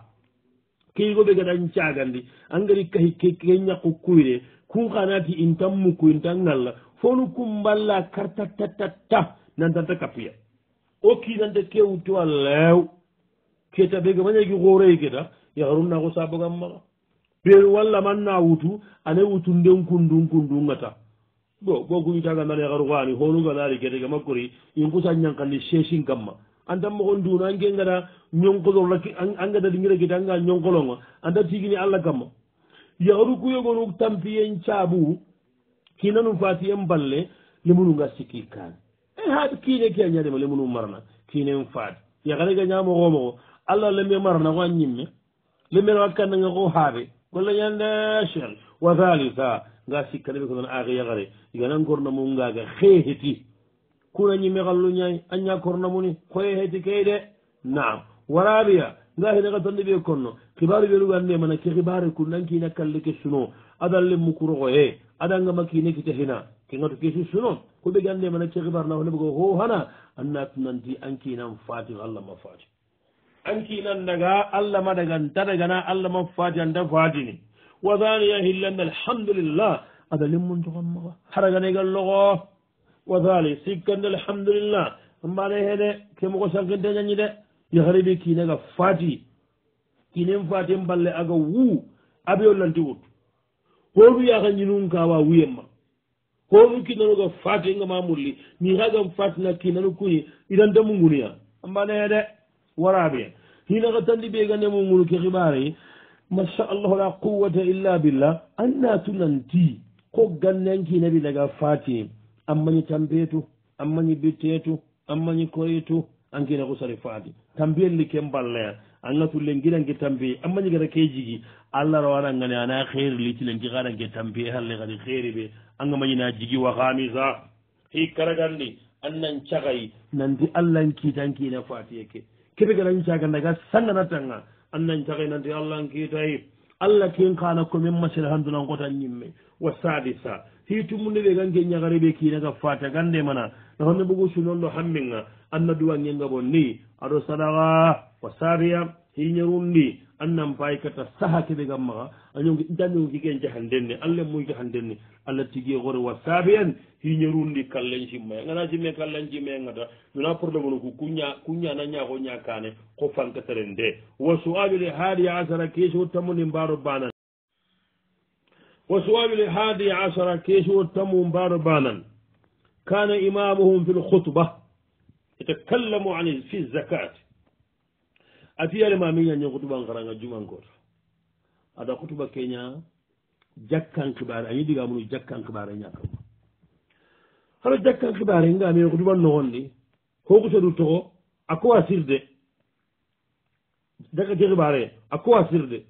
keygo ɓe gadan cagandi angari kahi ke ñakku kuyre ku xanati in tan mukku in tan ngalla fonu kum mballa karta tatata nantanta kappiya o kinante kewutu a lew keta ɓe gamañagi xoorey keta yaxarunna ko sabogan maxa ɓe walla manna wutu ane wutu nden kundun kundungata bo bo guñitagandan yaxaru xoani honu ganari ketegamakkori in kusa ñankandi sesin kamma anta moxo nduna anke ngata ñonkolo raki a ngata ringi rakite anga ñonkolonga anta tigini allah kamma yahru ku yogonu tampiyen caabu kinanum fatiyen balle lemununga sikki kan e haɗ kiine ke a ñadema lemunu marana kiinen faati yakarega ñamoxomoxo allah leme marana ko a ñimme lemmeno a kannanga ko haaɓe golla ñande cheikh wa halica nga sikkaneɓe ko non aake yakare iganan gornamum ngaga xeeheti kura ñimme xallu ñay a ñakorna muni koye heti key de naam waraabiya nga hene xa tanndi ɓee konno xibaaru ɓeerugande mana ke xibaare ku nan kiina kalle ke suno adan le mukuroxo ye adanga ma kiine kita xina ke ngatu kesi suno ku ɓegande mana ke xibaar na fone bugo xooxana annatunanti an kiinan fatix allah ma fati an kiinan daga allah ma daga nta dagana allah ma fati anta fatini wa daniya xillanna alhamdulillah adalin muntoxan maxa xaragane ga loxo وذالي سيكن الحمد لله مباني هيدا كم قصان كنت جاني دا يغربي كي نغا فاتي كي نم فاتي مبالي أغا وو أبي أولان تيوت هو بي أغا نينون كاوا ويما هو كي نغا فاتي نغا مامولي مي غا غم فاتنا كي نغا كوي إدان تمونغونيا مباني هيدا ورابي هنا غتن دي بيغا كي غباري ما شاء الله لا قوة إلا بالله أنا تننتي كو غنن كي نبي فاتي ammañi tambiyetu ammañi bitteetu ammañi koyetu ankine ko sari faadi tambiyelli ken balleya a ŋatulle ngiranke tambiye ammañigata ke jigi allah rawaɗa ŋani ana heeri litile ngi ɣaɗanke tambiye halle kadi heeri ɓe anga mañina jigi wa hamisa hi karaganndi annan cagay nanti allah n kiitankiina faatiye ke keɓe garañi caganndaga sanganatanga annan cagay nanti allah n kiitay allah kin kaana komin masila handunan kotan ñimme wa sadisa hii tummunde ɓe gan geñagare ɓe kiinaga fata gande mana no honne bugu sunonɗo hammenga anna duwa ngenga bon ni aɗo sadaka ko sariya hiñerundi annan pay kata saha keɓe gam maga añoi jamio kiken jahandenne allah mum jahandenne allah tigi hore wa sabian hiñerundi kallen cimmaya gana cimme kallen cimme gata mina probléme no ku kuña kuña na ñako ñakane ko fankataren de wa suabile haali asara kesio tammoni mbaro banan wo suwaɓile haadi asara keesiwo tammum baano baanan kana imamuhum fi lhutba yatakallamu ani fi zakate atiyarema miñañe hutuba ngaranga jumankoto ada hutuba keña jakkan kibare añi digamunu jakkan kibare ñakkama hano jakkan kibare ngami hutuba nogondi hokutedu toxo a kowa sirde jakkake kibare a kowa sirde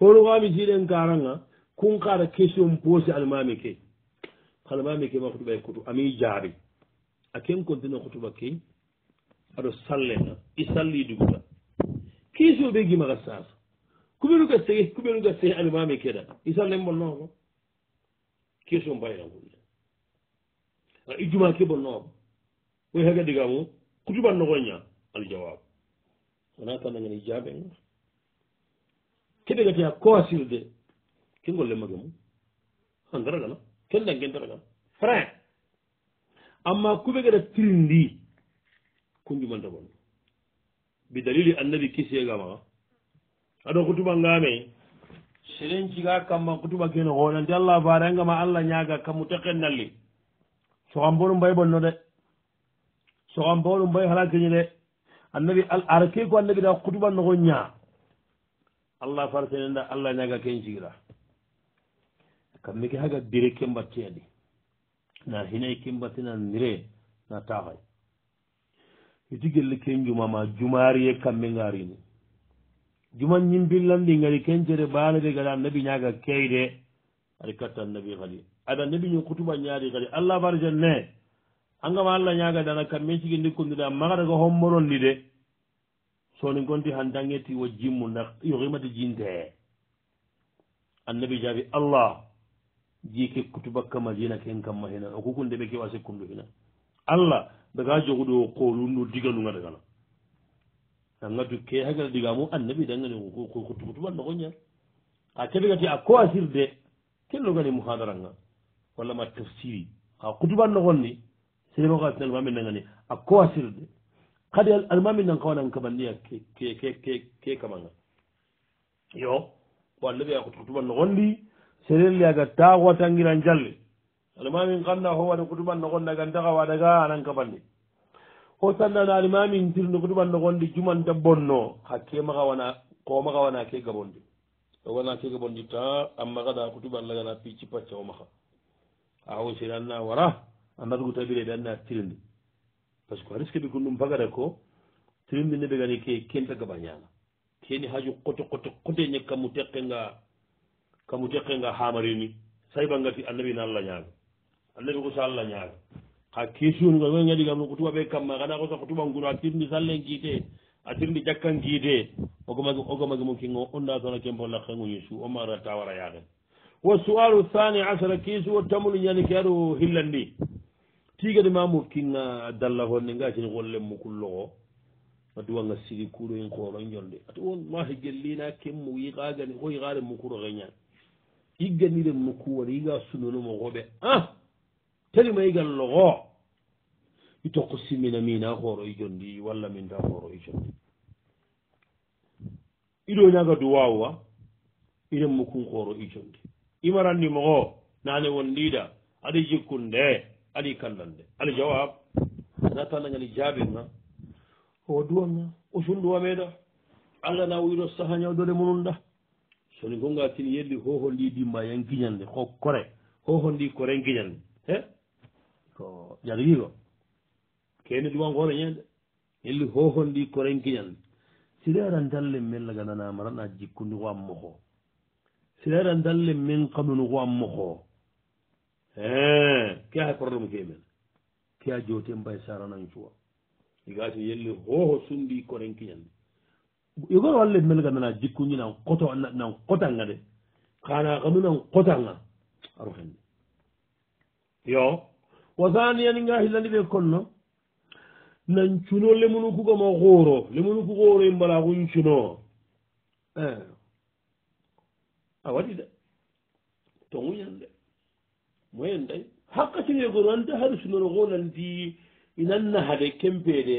honu ami siɗen karanga kun kara question posé almami ke almami ke ma hutuba e koto ami jaari a ken kontina hutuba ke aɗo sallena i salli duguta question ɓe gimaka sasa kuɓenuga sehe kuɓenuga sehe almami keɗa i sallen bonnoko question mbayna hulle a ijuma ke bonnoko woy haga digamu kutuban nogoña aljawab wona tanangen i jaɓenga keɓegatiya coasirde cingol lemmage mum ndaragana kendange ndaragana frein amma kuɓe geɗa tirindi kunjumanta bon bi dalili annabi kisiegamaa aɗo kutuba ngaamei seɗen ciga kamma kutuba kene hoonanti allah farengama allah ñaaga kammu tekken nalli sokam bo ɗum mbay bonno de sokam bo ɗum mbay hala keñi de annabi ara ke ko annabi da kutuba nogo ñaa allah far senenda allah ñaaga ken cigiraa kam miki haga dire kembatti adi na hinayi kembatti na nire na tafay iti gelle ken jumama jumariye kamme ngarini juma ñimbillandi ngadi ken jere baalede gada annabi ñaga keyde aɗa katta annabi kadi aɗa annabi ñin kutuba ñaadi kadi allah barjan ne angama allah ñagadana kam min cigi ndikkondida magata ko hommorondi de soni gonti han dangeti wo jimmu nda yohimati jinte annabi jaabi allah jii ke kutubakka madina ken kamma hena okuku ndeɓe kewa sekkundu hina allah daga jogoɗo qolundo diganunga dagana angatu ke hagala digamu annabi dangani kutubanno koña a kebegati a ko asirde kellogani muhadara nga walla ma tafsiri a kutubanno gonni sinemaka sin almami dangani a ko asirde kadi almami nan kawanan kamandiya ke ke ke ke kamanga yo ko annabi a kutubanno gonndi serelliyaga tawatangiran jalle alimamin kanna ho waɗa kutuban nogonnagantaka waɗaga anan kabanni ho sannana alimamin tirno kutuban nogondi jumanta bonno hakkemaa wana komaa wana ke gabondi owana ke gabondi ta amma kada kutuban lagana picci pacca o maha awo sere anna wara anatugu tabireɓe anna tirindi par ce que risque ɓe gonɗum pagata ko tirindi ne ɓe gani ke kenta gaba ñana keni haaju kote kote kote ñekkamu tekkenga kamu teqe nga hamari ni saybangati annabi na allañaaga annabi ko sa allañaaga ha kesion ga ñadigam ko tubaɓe kamma gaɗa ko sako tubankuno a tirdi sallen kiite a tirdi jakkan kiite ogomagi ogomagi mo kigo onda sona kempolla kengo yesu o mara tawara yaken wa sual'u thani asara kiisu o tamuli ñani ke aɗo hillandi tigadi ma mof kinga dalla honde nga sini gollen mo kulloko aduwanga sigi kuuroyin koro jonde aɗuwon maha gellina kemmo yiqagani ko yiqare mo kuuro ke ñani yigganiren no kuwore yiga sunnonomo goɓe a ah! tanima yigallo goo i tokko simmina mina hooro e jondi walla minta hooro e jondi iɗo ñaga duwawwa iren mo kun hooro e jondi imarandimo goo nane wondiɗa aɗa jikkunde aɗa kallande aɗa jawab natanagani jaabinga o duwanga o sunduwa meeɗa allah na wiro saha ñawdole mununɗa soni gonga tin yelli hoho ndi dimma yan guiñande ho kore hoho ndi kore guiñande e ko jaguiko keni duman gono ñande yelli hoho ndi kore guiñande siɗa aɗan dalle men laganaanamarana jikkundi ko am moho siɗa aɗan dalle men kanunu ko am moho e ke ha korlemo ke men ke a jooten mbay sarananchuwa igati yelli hoho sundi kore guiñande igoro walle melga nana jikkuñi nan koto nan kotanga de kana kanu nan kotanga aro hende yo wa thaniyani nga hillandi ɓe konno nan cuno lemunu kugo mo goro lemunu ku goro i mbala kun cuno e a waɗi de toguñan de moyen day hakka cinge goro ante haɗa cunono go nandi inan naha de kempe de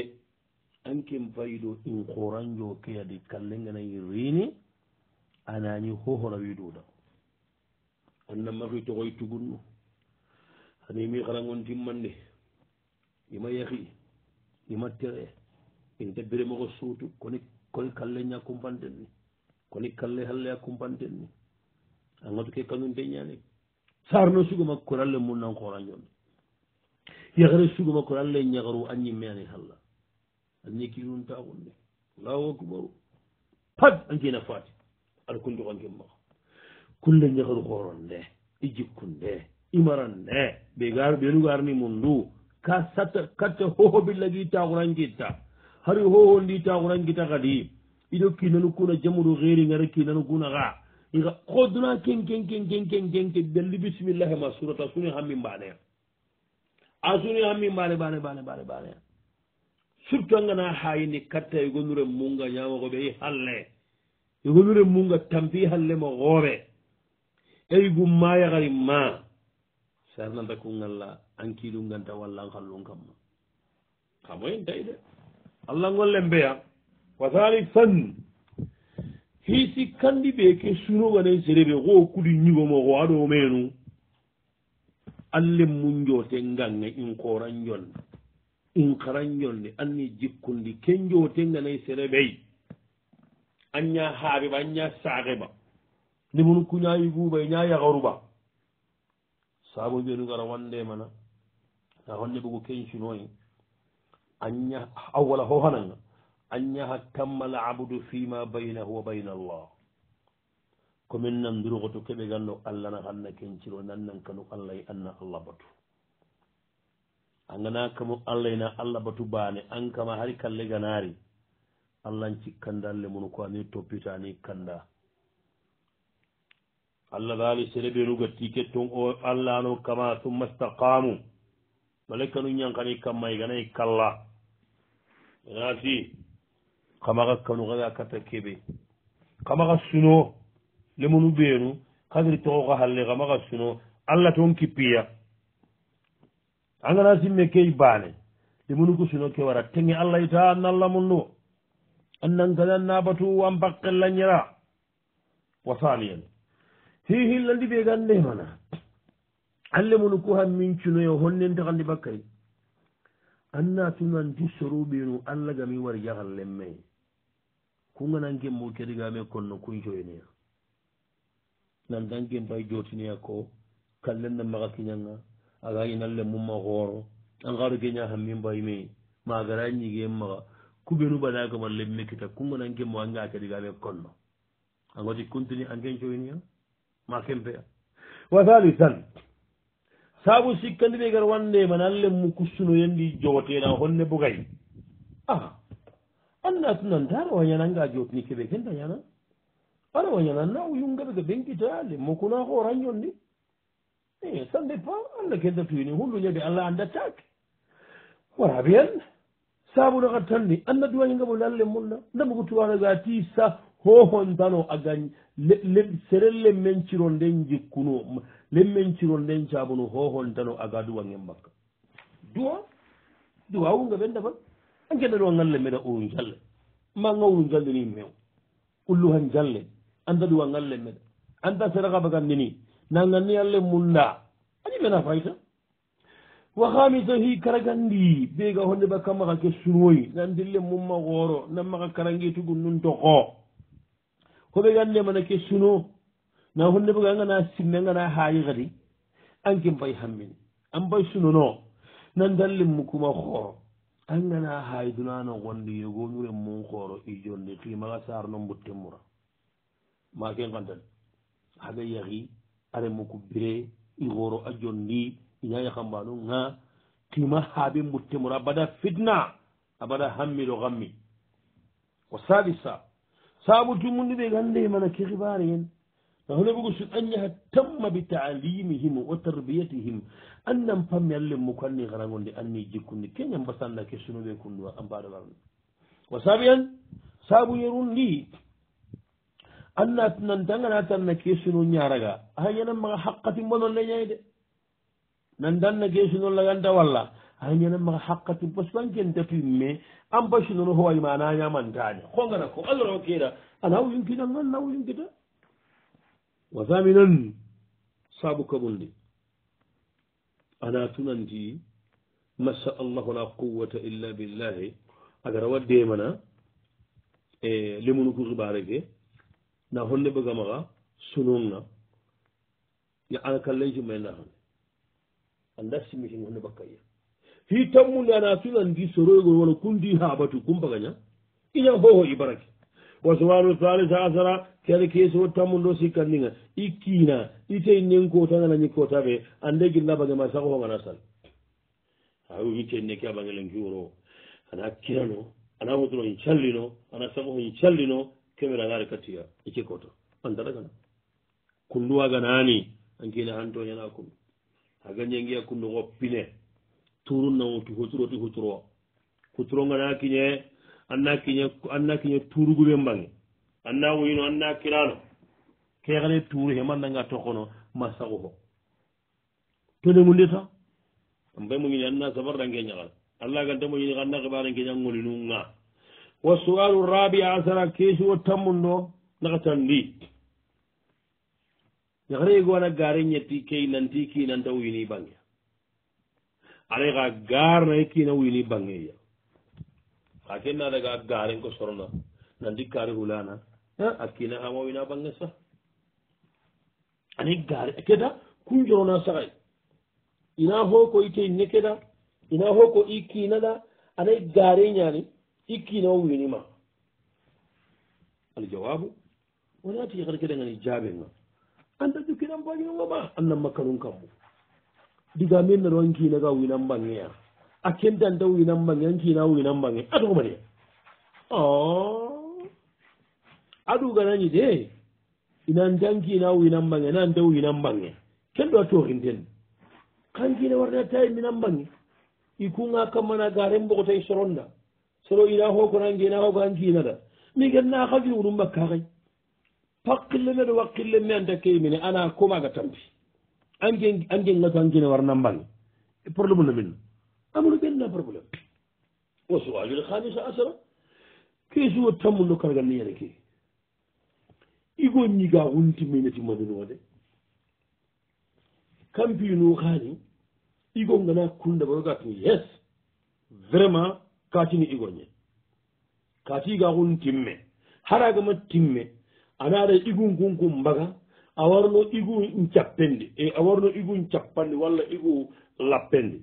ankin fayido in koranjo keyadi kallengenayi rini anani hohola widuda annamahi togoy tugunnu hanimi harangontimmande ima yahi ima tere inta biremogo suutu koni koni kalle ña kumpantenni koni kalle halleya kumpantenni angatuke kanum beñani sarno sugomakkoralle munnan koranjonde yahre sugomakkoralle ñagaru anñimmeani halla anniki runta on ne lawo kubaru pat angina faati ala kundi on gemma kulle nyakhul khoron de ijikunde e imaran e de be gar be lugar ni mundu ka sat kat ho ho billagi ta urangita hari ho ho ndi ta urangita gadi ido kinanu kuna jamuru gheri ngare kinanu kuna ga iga khoduna ken ken ken ken ken ken ken de bismillah ma surata suni hammi bane asuni hammi bane bane bane bane bane siftangana hayini katta egonure munga ñamogo ɓe i e halle egonure munga tampi e hallemo hoore ey gummayahari e ma sarnanta kungalla ankiɗunganta walla an hallun kamma kamoyen tawi de allah golle mbeya wasali fan hiisi kandi ɓe ke sunoganen sereɓe ho kudi ñigomo ho aɗo menu allen mun jote ngange in koran jonna ɗum karanñonde anni jikkundi kenjotenganayi sereɓey anña haaɓe ɓa anña saaqe ɓa ndemun kuñayi guuɓa e ña yagaru ɓa saabo mbiyanu ngara wandemana a honne ɓogo kencunoyi aña awala hohananga añaha tamma l abdu fima baynahu wa bayna allah komin nanndurogo to keɓe ganno allah na hanna kenciro nannankano allah e anna allah batu angana kamu allah ina allah batu baane an kama hari kalle ganaari allah n cikkanda alle munu ko ani toppita ani kanda allah gaali sere ɓeenugatti kettun o allah ano kama summa staqamu bale kanu ñankani kamma iganayi kalla enaati kamaka kanu kaga katta keɓe kamaka suno lemunu ɓeenu kagiri toxo ka halle kamaka suno allah ton kippiya angana simme key baane le munu ko sino ke wara teŋe allah yita nallamunno annankana nabatu an bakke lañira wa saniyan hihillandi ɓe gan ndemana alle munu ko han min cunoyo honnente handi bakkari anna tunanti soroɓenu allah gami war yahal lemme kuganankenmo kedigame konno kuncoyeneya nandanken bay jotineya ko kallenna maxa kiñanga aga inalle mumma hooro an garu geña ha min mbayme ma gara ñiguen maga kuɓenu ɓanaga malle mekkita kunga nanke mo anga kadigaɓe konno angoti continue angen coyniya ma kempeya wa halitan saabu sikkandiɓe gar wande manalle mu kussuno yandi jooteɗa honne bogay a ah. anna tunan taara wañananga jootini keɓe kenta ñana ara wañananna o yunggaɓe ga ɓenkita le mokuna hooranñon de ça eh, dépend allah kedda tuyini hullu ñebe allah anndattaake wara biyan sabuno a tan ni anna duwañingabo lalle munna ndambo ko tubanoga ti sa hohontano a gañ serelle menciro nden jikkuno le menciro nden sabuno hohontano aga duwange mbakka duwa duwa wunga ɓen daban an keɗa ɗuwan allah meɗa urun jalle ma gawru jalle ni mew ulluhan jalle anda duwan allah meɗa anda seraka bagandi ni nangan ni alle munda aji ɓena fayta wa hamisa hi karagandi ɓega honde ɓakka maxa ke sunoyi nan dille mumma xooro nan maxa karangetugu nun toxo ko ɓe gan ndemana ke suno na honde ɓaganga na sinne nga na haayi xati anke mbay hammin an bay sunono nan dalle mukuma xooro anga na haayi dunano gondi yogo ñure mun xooro i jonde ximaxa saarno mbutte mura ma ke ngantan xaga yaxi are mo ko bire i gooro a jon ni i ñaña kambano ga tima haaɓe muttemoro abada fitna abada hammiɗo gammi ko salisa saabu jumundi ɓe gannde mana ke xibaare hen na hono ɓego sun añaha tamma bi taalimihim wa tarbiyatihim annan pammi allen mo ko anni garagonde anni jikkunde keñam basanna ke sunoɓe kunnuwa a mbaɗo garne wa saabi an saabu yerun ndi annati nan danganatan na kesino ñaraga ayenan maga hakkati bonon leñayde nan dan na kesino laganta walla ayenan maga hakkati bosbankentatu imme an basinono howayi ma ana ñamantaña hongana ko allahrao keeda ana wuyunkita an na wuyunkita wasami nan saabu kabundi ana tunanti massa allahu la quwata illa billahi agara wa demana e lemunuku xibare ke na honde bagamaga sununa ya an kallaji mai nahan anda simihin honde bakaya hi tammu na na tunan di soro go wala kun di ha batu kun baganya inyan hoho ibaraki wasu waru tsari ta asara kere ke so tammu do sikan dinga ikina ite nyen ko tan na nyiko tabe ande ginna baga ma sako ma nasal hawo ite ne ka bangalen ki woro ana kirano ana wotro in challino ana sako in challino kemera gaari kattiya ike koto fantata gana kundu waga naani ankina hanto yana kundu a gañengiya kundu go pine turun nawo tu hoturo ti huturowa huturo ngana kiñe anna kiñe anna kiñe turugu ɓe mbange anna wuyino anna kirano kexene turu he mannanga tokono ma sagu ho tonemundeta mbay mo ñini anna sabar dange ñagal allah ganta mo ñini xanna xibarenke ñangolinu ga wa sual rabi asara keesi wo tammundo nakatandi nakaregowana gare ñetti key nanti kinanta wini bange aɗa ka garnay kina wini bangeya ka kenna daga garen ko sorna nanti kare hulana a kina hama wina bange sa ani gare keda kunjorona saxay ina hoko ite nekeda ina hoko i kinaɗa aɗa gare ñani ikkiino o winima aljawabu wonati yakhata keɗengani jaɓenga anda jukkinan bangenga ma annan makka num kammu diga min nano an kinaga winan bangeya a kentanta winan bange an kina winan bange atogomaniya a aɗuganani de inanta an kina winan bange nanta winan bange kenɗo a torinten kan kina warnatta yimminan bange ikunga kammana garen bogotay e soronda soro ina hokonan gena hokonan kinata mi genna hakil wurum bakkakay pakkille meɗo wakkille mi an takkey mine ana komaga tampi ange ange gatu ankine warna mbanga e probléme na minno amuno ɓenna probléme wo suwajul halisa asara keysuwo tammuno kalgal ni yene ke igon ñiga wunti minati maninuwa de kampinu kani igon gana kunda baro gatni yes vraiment kaatini igoñe kaatiigaxun timme haragama timme anaada igun kun kun mbaga a warno igu ncappendi e a warno igu ncappandi walla igu lappendi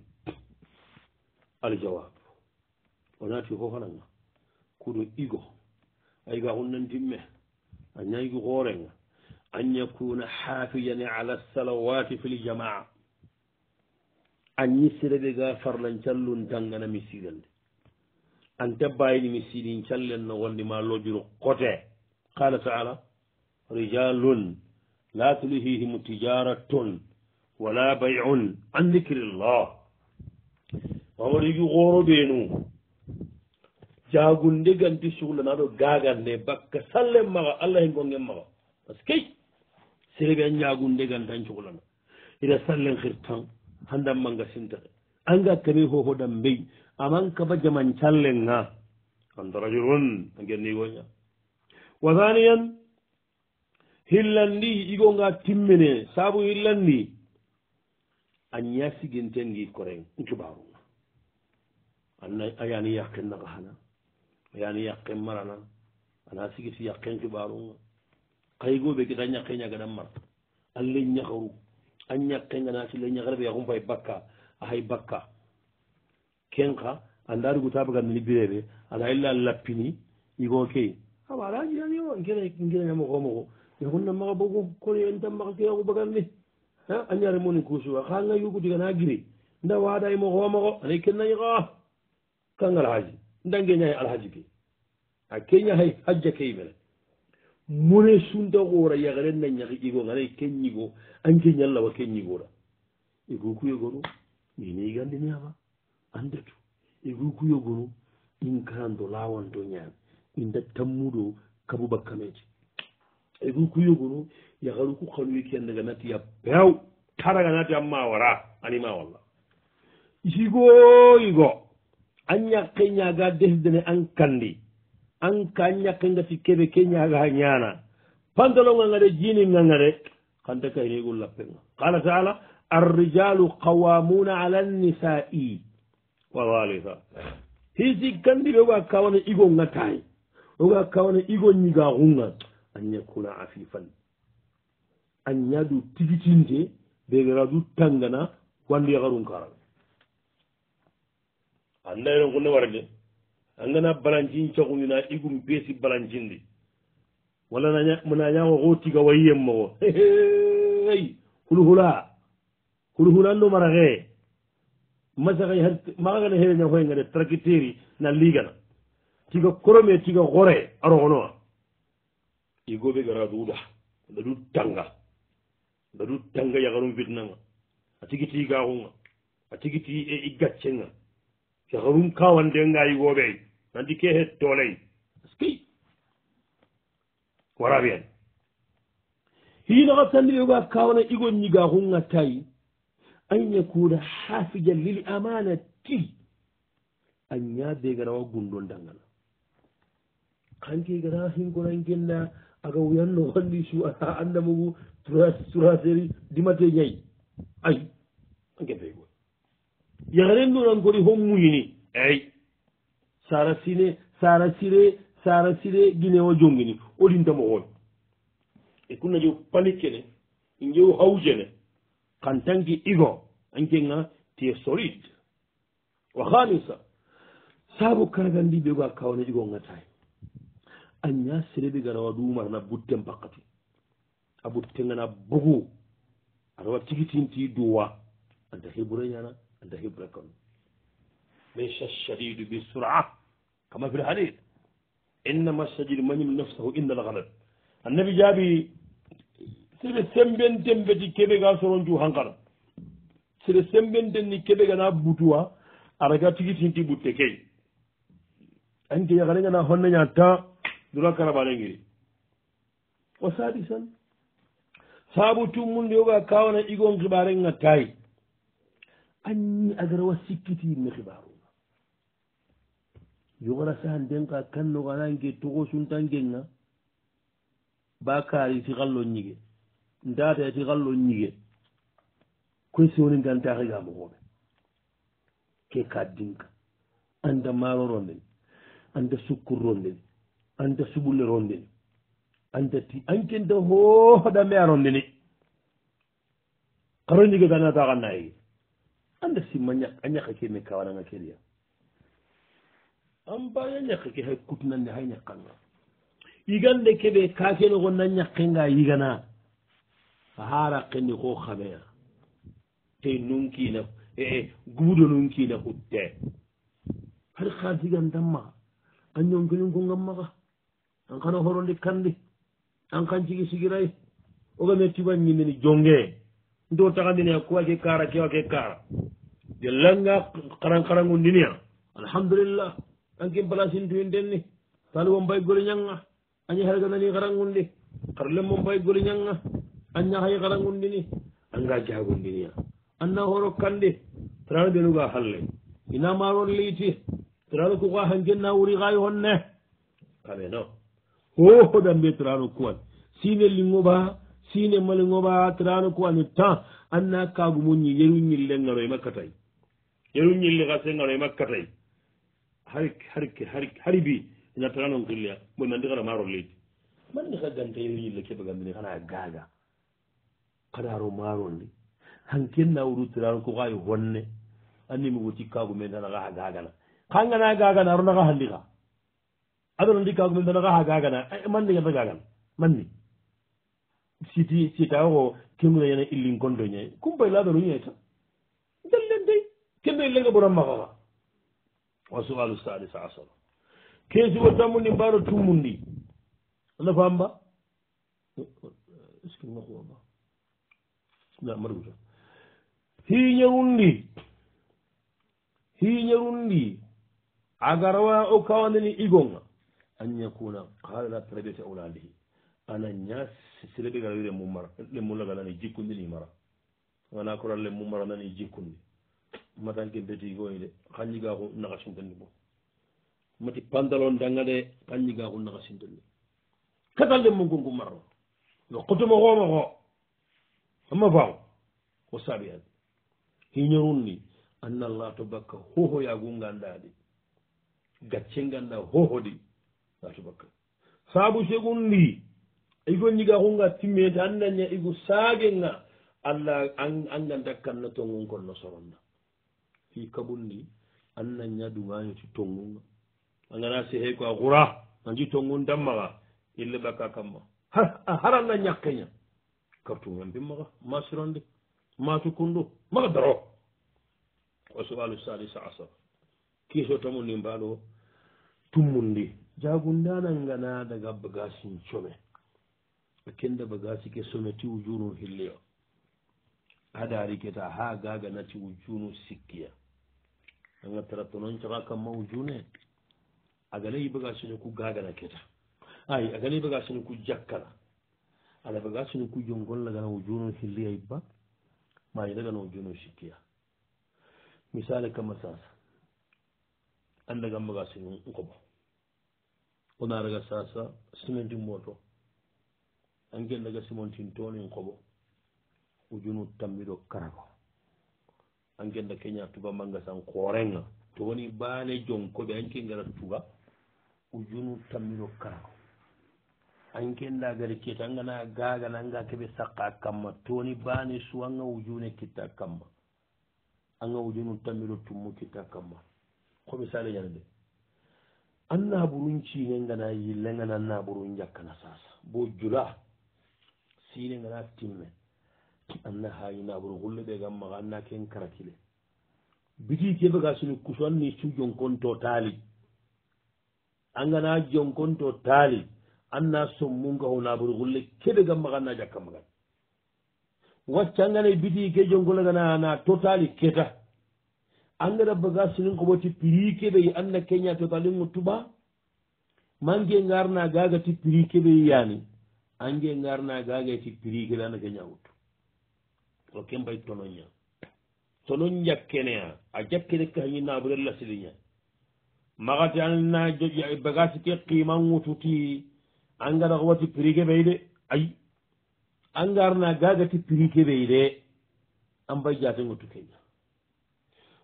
aljawab onaati hofananga kudo igo aygaxun nan timme a ñaygi xoorenga an yakuna xafijani ala salawati fi ljamaa a ñisireɓe ga farlancallun tangana misirande an debbayini mi siiɗin callel no wondema lojuro kotee qala taala rijalun la tulihihimu tijaratun wala bayun an dicrillah mamaɗoji ooroɓeenu jagunde ganti suhlanaɗo gagande bakka sallen maga allah hen gongen maga par ce que kei sereɓen jagunde ganta an cuhlana ira sallen hir tan handan manga sintate anga kami hohoɗan mbey aman kaba jaman callen ha kanto rajul on angennigoña wa haniyan hillan ndi igonga timmine saabu hillan ndi a ñasiginten gi koren cubaru anna ayani yakken naga hana ayani yakken marana ana sigiti yakken cubarunga kaygoɓe kita ñakke ñagadan mar alle ñakaru a ñakkenga na sille ñakarɓe yakum fay bakka ahay bakka kenka anda ruguta bagandini birebe ada illa lappini igo ke awa ala jiraniwa nkena nkena mogo mogo yakunna maga bogu kore enta maga kiyagu bagandi a ñare moni kusuwa xa nga yugutigana giri nda waday mogo mogo ana kenna yiga kan alhaji ndange ñayi alhaji ke a keña hay hajja key mene mone sunta xoora yaxaren na ñaxi igo nganay ken ñigo anke ñallawa ken ñigora igu kuyegonu ini yigandini ama andatu e ruguyogono ɗin kando lawanto ñaami in dat tammuɗo kabubakkameje e rukuyogono yaharu ku haluykiandaga natiya bew taraga natiya mawara anima walla sigoyigo anñakke ñaga desdene an kandi anka anñakke ngasi keɓe ke ñaga ñana pantalon nga ngade jini nga ngade kantakaynigol lappe nga qala taala arrijalu qawamuna ala nisai wawalisa hisi kandiɓe oga kawana igo gatayi oga kawana igo ñiga xunga anña kuna afifan añadu tigitinte ɓegeradu tangana wandi yaxarum karan andayron kune warde angana balancin cakundina igum pesi balancindi wala mana ñaxo xo tiga wayiyem moxo kulhula kulhulando maraxee masakay hat magagana heleña hoyngane tracteur i na ligana tiga korome tiga gore aroxonowa igoɓe gara duɗa ndadu tanga ndadu tanga yaxarum fitnanga a tigiti gaxunga a tigiti e, i gaccenga yaxarum kawandenga igoɓe nandi kexe tolay parce que warabian xinaxa tandi ɓeɓa kawana igo ñigaxunga tay an yakuna hafijan lil amanati an yadegana wa gundon dangana hanke gana hingonan genna aga wuyanno wandi su aa andamugu turaseri dimate yayi ay ankefego yaren dunankori ho muyini ay sara sine sara sire sara sire guinewo jongini olintamo hon e kunna jo palikkene injewo hawjene kan tanki igo an kenga ti solide wa hamisa saabu karagandi ɓego a kawane igo gatay anña serebe gana wa ɗumarana butten bakkati a butte gana bogo aɗa wa tigitinti duwa anta heɓura ñana anta heɓura kanu mais cha shadidu bi sura kama fil hadid innama shadidu mañim nafsahu innal halad annabi jaabi siɗa semben dembeti keɓe ga soro ju hankara siɗa semben denni keɓe gana butuwa ara ga tigitinti butte key anke yakare gana honnaña ta dura karabanengiri o saaɗi san saabu tummunde yoga kawana igon xibarenga taayi anñi agarawa sikkiti yimme xibaruga yogara sahan denka kannogo anange togo suntangenga ba kaari ti xallo ñige ndaata ti xallo ñige questioni ngantaxigaamo xoome ke ka dinka anda maaro rondeni anda sukkur rondeni anda suɓule rondeni anda ti ankenta hooxoɗa mea rondeni xaro ñige ganata xannaayege anda simma a ñaqa ke me kawananga kelya ambaya ñaqa ke hay kutnanne hay ñaqanga yigande keɓe kakene xo na ñaqenga yigana haara qenni ko xamea te nunkiina ee guudo nunkiina hutte hadi xaasigandamma kan ñonkelin ko ngammaxa an kana horondi kandi an kan cigi sigiray ogame tiba ñimini jonge nto taxandine kuwa ke kaara kewa ke kaara jellanga xaran xarangundinia alhamdulillah an kin palacintuyintenni taali wo mbay goli ñanga añi hargananii xarangundi xar lemmo mbay goli ñanga anña hay kata gondini anga jagondinia anna horo kandi tarano ɓenuga halle ina maron leyti tarano kuka han genna wuri kay honne kame no hohoɗambe tarano kuwan sine lingoɓa sine malingoɓa tarano kuwani tan anna kagumoñi yeru ñille garo e makkatay yeru ñilli kase garo e makkatay har har har hari bi ina tarano gilliya ɓoy mandi kata maron leyti mandi ka ganta yeru ñille keɓe gandini kana gaga qadaaro maaron ni han kenna wuɗutiraaro ko kayi honne annimi wo cikkaago men tanaka ha gagana kaa ngana gagana aro naka handi ka aɗono ndikkaago men tanaka ha gagana manni ganta gagana manni siti sitawa ko kenguna yana illin kondo ñayi kumbay laadaro ñeyta dallen dey kenno illenga ɓora makaka wa sual salis asara keesi wo tammundi mbaaro tummundi nafamba est ce que ngakuwa mbaa na marwito hiñerundi hiñerundi agarawa o kawandeni igonga an yakuna kala trabiyate aulalihi ana ña sileɓegarawire mumara le mulaga nani jikkundini mara wana koral le mumara nani jikkundi matanke betigoy de kanjigaku naka sintenni bo mati pantalon danga de kanjigaku naka sintenni katal de mungungu marro yo kutuma xoma xoo amma faamo ko saabi hen hiñorunni annallah to bakka hohoya gu ganndaɗi gacce ganda hohodi lato bakka saabu segun ndi igon ñiga kunga timmede annaña igo saage nga allah an gandakkanna tongun konno soronna fi kabunndi annaña dumañoti tongunga angana sehe ko a gura nanji tongun dammaga ille bakka kamma har anna ñakkeña kartu wonde maga masirande matu kundo maga daro o sowalu salisa asar kiso tamo ni mbaalo tummundi jagundanangana daga bagasin come kenda bagasi ke some tiwu junu hilliyo hadaari keta ha gagana tiwu junu sikkiya anga tarato noon caga kamma u june agalayi bagasino ku gagana keta ay agalayi bagasino ku jakkala ala ko gasino kujol ngol laganawo jono hilliya ba maji laganawo jono sikkiya misale kama sasa anda gamma gasino nkobo ona raga sasa simenti moto anke ndaga simontin toni nkobo ujunu tambiro karago anke nda kenya tuba manga san korenga toni bane jonkobe anke ngara tuba ujunu tambiro karago an kendagari kita ngana gaga nanga keɓe saqa kamma toni bani su anga wujune kitta kamma anga wujunu tammiɗo tummu kitta kamma koɓe sale ñanande an naɓurun cine ngana yille ngana naɓurun jakkana sasa bo jula sine ngana timme anna hayi naɓuru hulle ɓe gam maga anna ken karatile biti keɓe ga sini kusu anni su jonkonto taali angana jonkonto taali anna som mum ka hoo naaboru golle keɓe gam maga anna jakka magan waccangana bidi gejo golagana na totali keta angara baga sinin ko boti piri keɓe yi anna kenya totali ngo tuba mange ngarna gaga ti piri keɓe yiyani ange ngarna gaga ti piri keɓe anna kenya wuttu o kembay tononña tonon jakkenea a jakkene ka hañi naaburella siliña magati anna joƴa bagasi ke qiman ngututii angara ko wati prix ke ɓey de ayi angarna gagati prix ke ɓey de an mbay jatengotu keña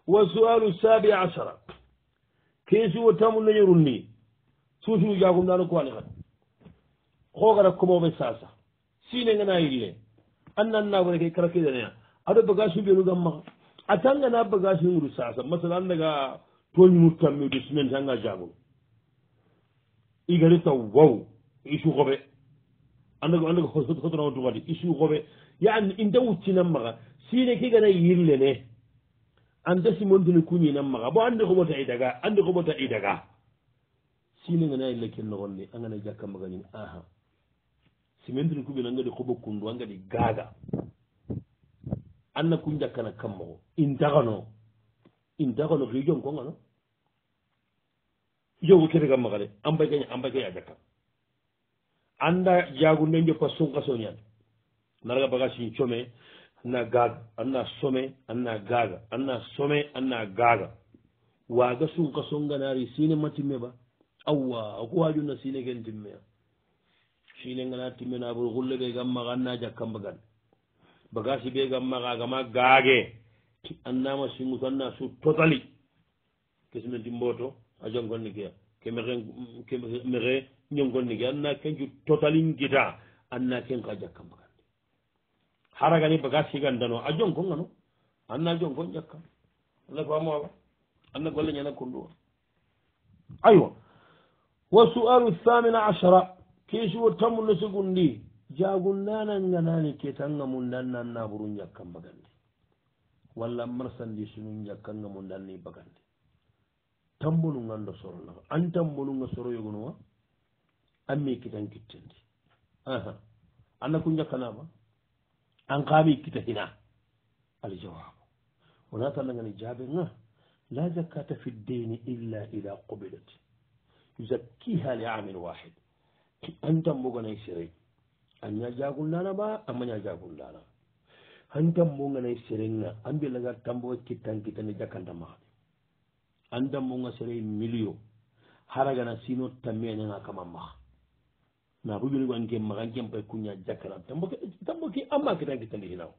wa sualu sabi asara keesi wo tamu leñorun ni suusunu jagum dano ko ani xat xoogara komoɓe sasa sine ngana yille annan nagore ke kara kedanea aɗo bagage mbiyanu gam maxa a tangana bagage nguru sasa masala an daga toñunu tammi de semaine tanga jagum igari taw wow isuxoɓe andaga andaga hotonao duxadi isuxoɓe yaani i ndawutinan maxa sine kegana yir lene anda simontini kuñinan maxa bo andi xoɓota i daga andi xoɓota i daga sine ngana yilla ke noxon ni a ngana jakka magañin axa simentini kuɓin angadi xoɓo kundu angadi gaga anna ku njakkana kam moxo in taxano in taxano xijong kongano jogu kete kam maxa de an baygaña an baygaña jakkan annda jaagu nde jokka sunkasoo ñande narga bagasin come anna gaaga anna some anna gaaga anna some anna gaaga waaga sunkaso nganaari siine ma timme ba awwa oko waajunna siine ken timmea siine ngana timme naabor hulle ɓe gam maga anna jakkam bagan bagasi ɓe gam maga agama gaage annama singu to anna su totali kesimen timbooto a jongonni kea ke mexe ke mexe ñogonnigi anna totalin totalingita anna ken ka jakkam bagandi haragani no sigandano a jonkongano anna jonkon jakkam anna famoaga anna golle ñana kunduwa aywa wa sualu thamina ashara tamu kesuwo tammuno sigundi jagunnananganani ketanga mum dannan naburun jakkam bagandi walla marsandi sunum jakkanga mum danni bagandi tambonu gando soronaga an tambonunga soro yogonowa anmi kitan guittindi anna ko jakkanama an kami kita hina aljawabu wona tanagani jaabega la zakata fi dini illa ida qubilat yuzakkiha li amin wahid antanmboganay sereg anña jagullanaba amaña jagullana antanmboganay serega anbilaga tamboga kittan kitani jakkantamaɓe antanboga sere million haragana sino tammenega kamamaha na rujuli wan gem maga gem bay kunya jakaram tambo tambo ki amma ki tan ki tan hinaw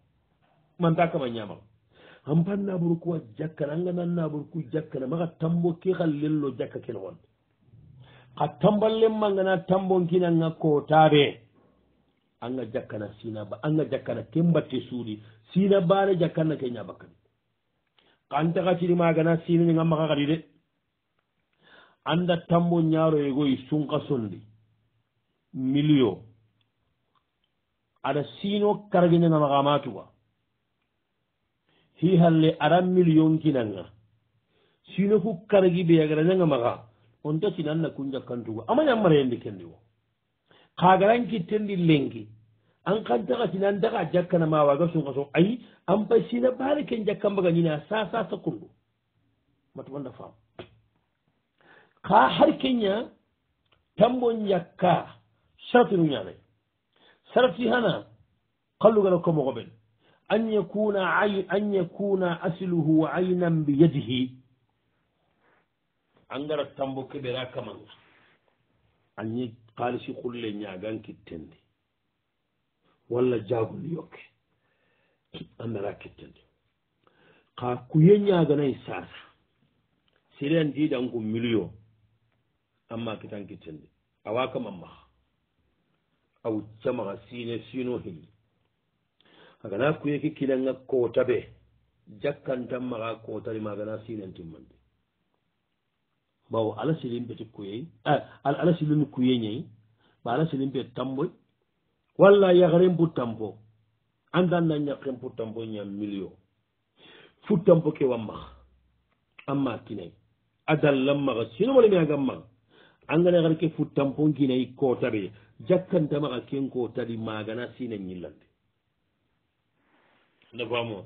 man ta kama nyama am panna bur ko jakkal nga nan na bur ku jakkal maga tambo ki khallel lo jakka ken won ka tambal le manga na tambo ngina nga ko tabe anga jakkana sina ba anga jakkana kembatte suudi sina baare jakkana ke nya bakkan kanta ka ciri maga na sina ni ngamma ka de anda tambo nyaaro e goy sunka sondi milio aɗa siino karginenamaxamatuwa hihalle aɗa million kinanga siino fu kargi beyagarañanga maxa onta sinanna kunjakkantuga amañammareyendi kendiwo kagaran kittendi lengi an kantaxa sinantaxa jakkanama waga sunaso ayi an pa sina bari ken jakkanbaga ñina sasa sakundu matuwanda fam ka har kenya tambo jakka sharti nu ñaanayi sarati hana kallugala ko mogo ɓen an yakuna kuna yakuna asiluhu aynan bi yadihi an gara tambo keɓera kamanga anñi haalisi kulle kitin kittendi walla jaagoli yokke andara kittendi ka kuye ñaganayi sasa sere an diɗan ko million amma kitan kittendi awa kamammaha aw jamaa siine siino hin agana kuye ki kilanga koota be jakkantan maxa kootani magana siinantimmandi bawo ala silin beti kuyey eh, ala silin kuye ñayi ba ala silin be tamboy walla yaxaren pour tampo andan na ñaqen pour tampo ña million fu tampo ke wa max amma kinay a dallan maxa sinomalemi agan ma angane xar ke fu tampo nginayi koota be jakkantamaka kenko tadi magana sine ñillande nde famu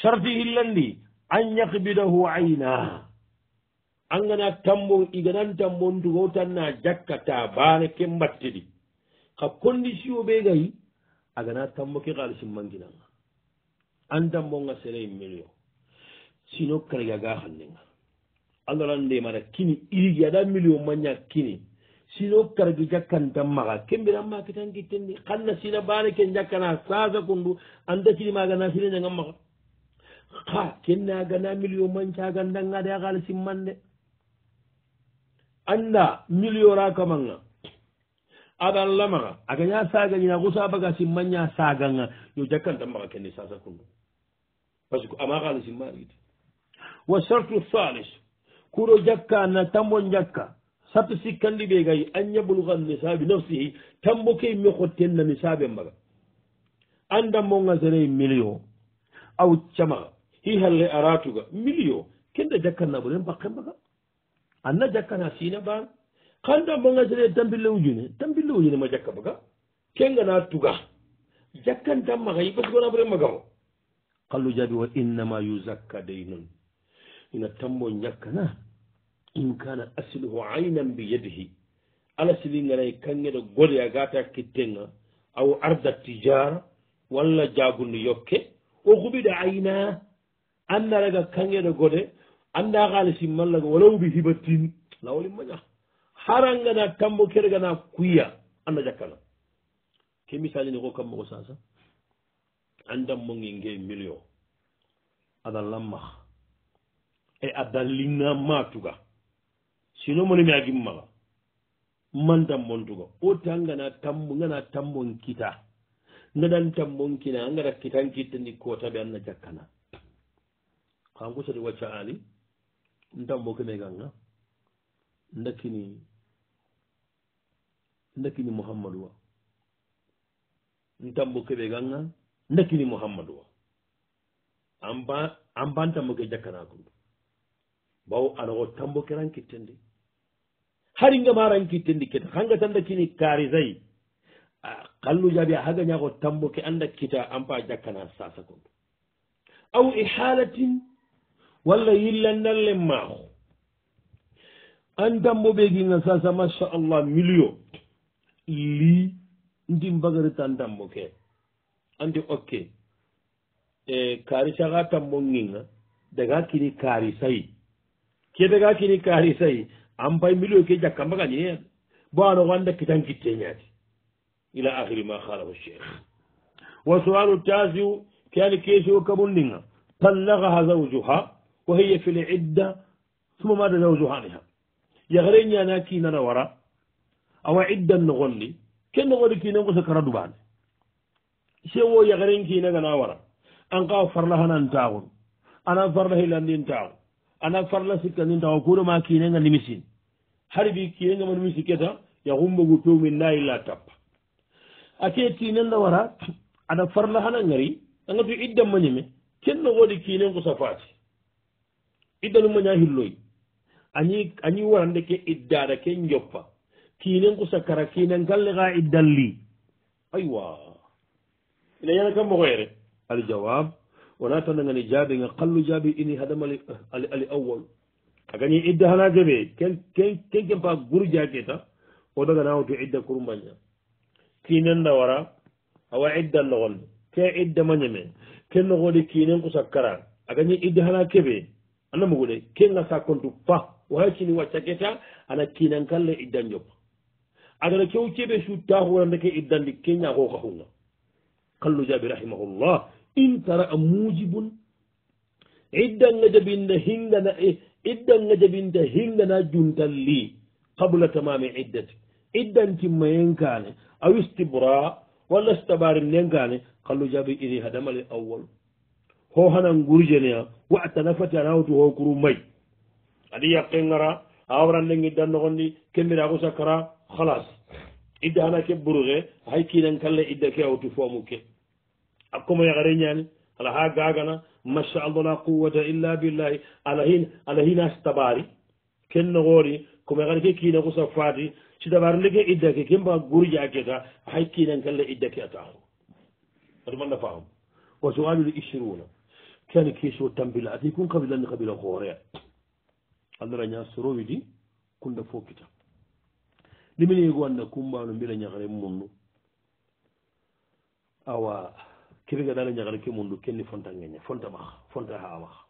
charti illandi an yahbidahu ayna angana tambon iganantan montugo tanna jakkata bane ken battidi ka condition ɓe gayi agana tambo ke halisi manginanga an tambonga serei million sino karigaga hannenga andalandemaɗa kini irigi aɗa million maña kini sino karge jakkantan maga kembiran ma ketan gittenni kanna sina bane ken jakkana sasa kundu andacini maga na sina ñangan maga ha kenna gana million mancagandangade a xala simmande anda million ra kamanga aɗan lamaga agaña sagañina xu sabaga simmaña saganga yo jakkantan maga kenni sasa kundu par ce que ama xala simmanigit wa sartu halis kuro jakka na tambon jakka sattu sikkandi ɓe gay an yablugan nisabi nafsihi tambo key mi hottenna nisabe mbaga andanmo gasereye e million aw camaga hi halle aratuga million kende jakkannaɓuren bakke mbaga anna jakkana sina ban kandanmo gasereye tambille e ujune tambille ujune ma jakka baga kengana tuga jakkantan magayi basgonaɓure magao kallu jaabi wa innama yuzakka daynon ina tambo jakkana in kana asiluhu aynan bi yadihi ala sili ngaray kangeɗo gode a gata kittenga aw arda tijara walla jagundu yokke o huɓiɗo ayna andaraga kangeɗo gode anda haalisi mallaga walawɓi hibatin lawoli maña harangana tambo kergana kuya anda jakkana ke misali ni ko kammogo sasa andammogi ngey million aɗa lammaha e adda linna matuga sino monimi a gimmaba man tambon tuga o ta ngana tambo ngana tambon kita ngadan tambon kina a ngata kitan kitta ndi kotaɓe anna jakkana kanko sati wacca ali n tambo keme ganga ndakkini ndakkini muhammadu wa n tambo keɓe ganga ndakkini muhammadu wa amba amban tambo ke jakkana kundu bawo alawo tambo ke ran kittendi hari ngama ran kittendi keta hanga tanda kini karizayi kallu jabi a hagañako tambo ke anda kita ampa jakkana sasa kon aw ihalatin walla yillandalle maaho an dambo ɓe ginga sasa machallah million li ndi mbagarita dambo ke andi okke e kaari caga tambo ginga daga kini kaari sayi keɓe ga kini kari sai an pay million ke jakkamba gañineya bano wanda kitan kitte ñaati ila akhir ma halahu sheikh wa soalu kan ke ani keesio kaɓundinga tallagaha zawjuha wa hiya fi l idda suma mada zawjuhaniha na ki na wara awa iddan nogondi ke nogondi kinan wo ya duɓane na ga na wara an ka farla ta'un ana anan farla hilandin taxun ana farla sikkandin taw kurama kinenga nimisin har bi kinenga ma nimisi keta yahumbogu towmi nayila tappa ake tinenda wara ana farla hana ngari angatu iddanma ñeme kenno wodi kinen kosa faati iddanumma ña hilloyi ani ani warande ke iddada ke njoppa kinen kosa kara kinen kalle ka iddan li aywa ina yana kammogoyere aljawab wona tanagani jaabi nga qallu jaabi ini hadama ali awwal agani idda hana jaɓe ken ken pa guru jaketa o daga nawatu idda kurumbaña kinenda wara awa idda nogonde ke idda mañame ken nogode kinen kusa kara agani idda hana keɓe annamugude kenga sakontu pa waha kini wacca keta ana kinan kalle idda joppa agana kew keɓe su taxuwarandeke iddandi ke ñaxoxaxunga qallu jaabi rahimahullah in tara a muujibun iddanga jabinta hingana iddanga jabinta hingana eh, juntan li qabla tamami iddati iddantimmayenkane aw istibra walla stabari ndenkane kallu jaabi ini hadamale awwal ho hanan gurjenea wa tanafati anawtu hokuru may adi yakke ngara awarande giddannogondi kemmiraku sakara halas idda hana ke buruge hay kinan kalla idda ke awtu fomu ke akkuma yaxare ñaani ala ha gaagana macha allah la quwata illa billahi alahin alahinas tabari ken noxoori kome xar ke kiina ku sag faati si tabari leke idda ke ke mbaa gurja keta xay kiinankale idda ke a taaxu atumanna faxam wa soalul ishruna kani kiso tambila ati kun xabilani xabila xoorea allah raña soro widi kunda fo kita limine yegu anna kumbaano mbila ñaxare munnu awa kiriga dala ñagara ke mundu kenni fonta ŋeñe fonta maha fonta hawaha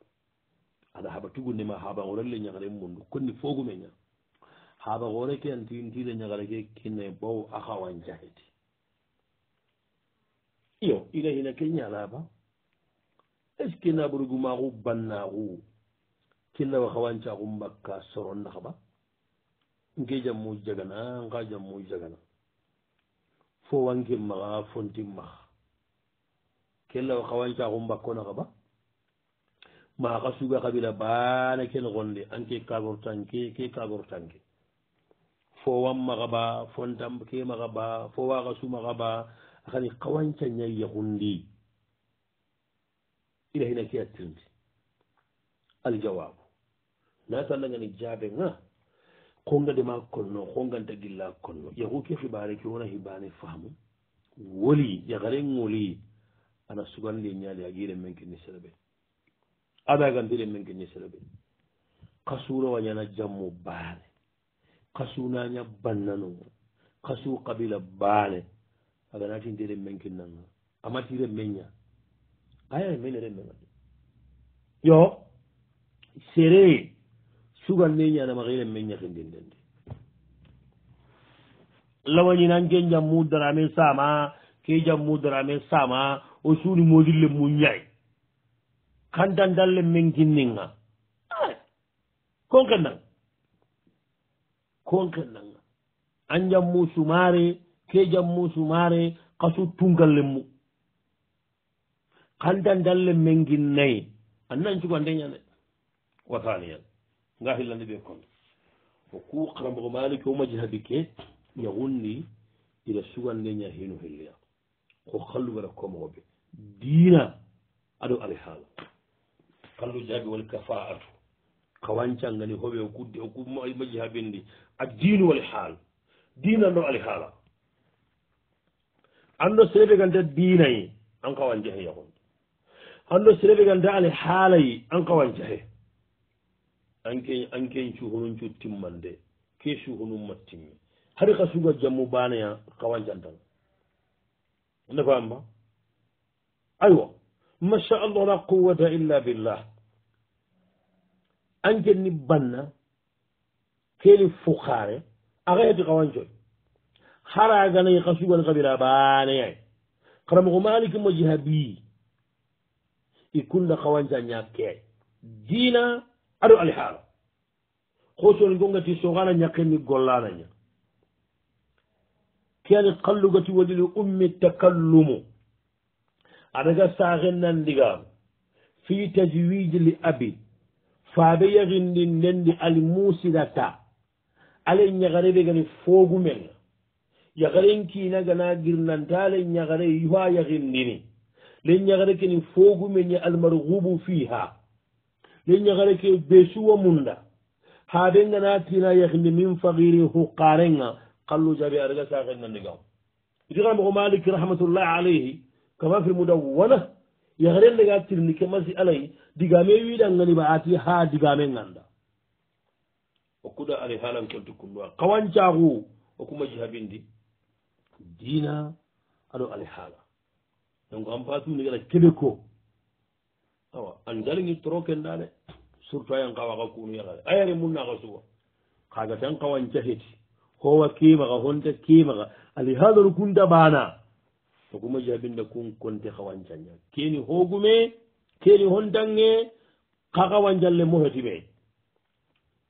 aɗa haɓa tugunima haɓaorelle ñagare mundu konni fogumeña haɓa ooreke antiintiida ñagara ke kinne bow ahawan jaheti iyo ina hina keñalaaba est ce que naɓorugumaaku bannaaku kinnawa hawancaaku mbakka soronnahaɓa nke jammu jagana nka jammu jagana fo wanke maha fontin maha kellawo kawancaxum bakkona xa ba maxa suga xabila baana kene xonde an ke kagor tanke ke kagor tanke fowan maxa ba fontam ke maxa ba fowaxa sumaxa ba axani xawanca ña yaxundi ilahina ke attirndi aljawabu na tandangani jaabenga konga dema konno konganta gilla konno yaxu ke xibare ke wona xibane faamu woli yaxare ngoli ana sugalni ñaali a giiren men kinni seɗa ɓe adagandiren men kinni seɗa ɓe kasurowa ñana jammo baane kasunaña bannano kasu kabila baane aganatindiren men kinnanga amatiren menña ayae menere men ade yo sere sugalni ñanama xiren men ñakindinden de lawañinan ke jammu daramen sama ke jammu daramen sama o suuni moodille mu ñay kandandalle min ginninga konke nan konke nanga anjam mu sumaare keejam mu sumaare kasu tungalle mu kandandalle min ginnayi annan cuko ndeñane watani yan nga hillande ɓe kono o ku karamoko maali ko maji habi ke ñawunni ila suganndeña hino hilliya ko halluwara komooɓe diina aɗo ala haala kallu jaabi wal kafa'atu kawancal ngani hoɓe e kudde o e kumaji ha ɓendi a diinu wal haal diina no ala haala anndo seede gal nde diinayi an kawan jehe yahon anndo seede gal nde ala haalayi an kawan jehe ankeñ ankeñ cuhonun cu timmande ke cuhonun ma timmi hari ka suga jammu baanaya kawancantan nde famba aywa macha allah la quwata illa billah anjenni banna keli fukare axayeti xawancoy xaraganayi xa sugan xabira baanayay xaramoxo maliki ma jihabi i kunna xawanca ñakkeay dina aɗo alihaala xosoni gongati soxana ñakkenni gollanaña keani xallugati walil ummi takallumu adaga saaxin nan ndigaam fi tajwiid li abid faabe yaxindi nden di ali muusidata ale ñaxare ɓegani foogumen yaxaren kiina gana girnanta ale ñaxare yuha yaxindini le ñaxare keni foogumen ye almarxubu fiha le ñaxare ke besuwa munda haabe ngana tiina yaxindi min faxirin hu qaarenga xallu jaɓe adaga saaxin nan ndigaam itixa moxo malik rahmatullahi alayhi kama fi muda wona yahren nega tirni ke masi alay digame wiɗangani ba ati ha digame ganda okuda ari halankelti kunɗua kawancagu okuma jihabindi dina aɗo ali haala donc an patumnigala keɓe ko awa an jaligi toro kendaɗe surtout ayan kawaka kunu yahare ayari munnaka suwa kaga tan kawanca heti howa kemaka honta kemaka ali haalaru kunta bana hokuma jaabinda kun konte hawancanña keni hogume keni hondange kakawancalle mohetime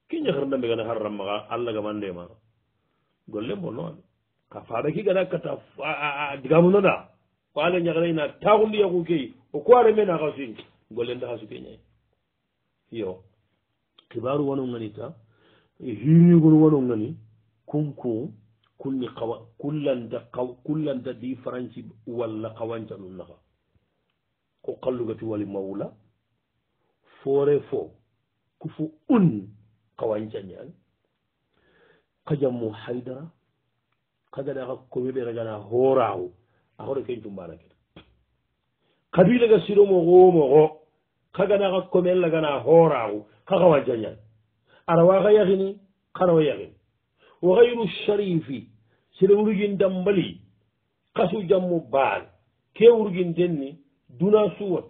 kinja hardambe gana harrammaa allah gamandema golle bonoan ka faɓe ki gana kata digamunoda faale ñaganayna taakundiyaku key o kuware mena ka sin golle ndaha sukeñay yo kibaru wano ngani ta hinigon wano ngani kunkun kulli awa kullande aw kullande di franci walla kawanca ɗum naha ko kallugati wali mawla fore fo kufu un kawanca ñaan kajammo haydara kagaɗa ka komi ɓe ragana horawo a hoɗo ken cumbana kene kabilaga siromo womo o kagaɗa ka komi en lagana horawo ka kawanca ñaan arawa ka yahini kanawa yahini wa gayru sharifi sire wurugin dambali kasu jammu baal ke wurugin denni duna suwon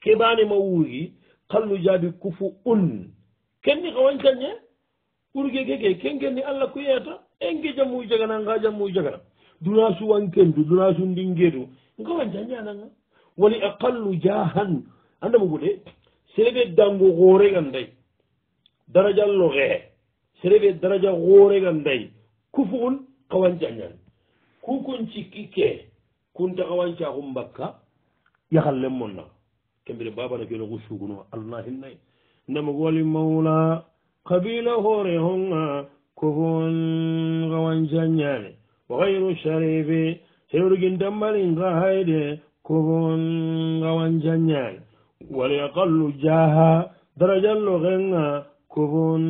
ke bani ma wurugi kallu jaabi kufu un kenni kawancanye wurugi keke ken kenni allah kuyeta enge jammu jagana nga jammu jagana duna suwan kendu duna su ndingedu nkawancanye ananga wali aqallu jahan andamugude sere be dango gore ganday darajallo xee serebe daraja horega ndayi kufu un kawancañan kukunci kike kunta kawanca kun bakka yahallemmonna kembire babana kene ku suguno alluna hinnayi ndemogoli mawla kabila hore honga kufu un kawancañane wagayru sharibe hewrugin dambalin ka hayde kufu un kawancañane walyakallu jaha darajallo genga كبون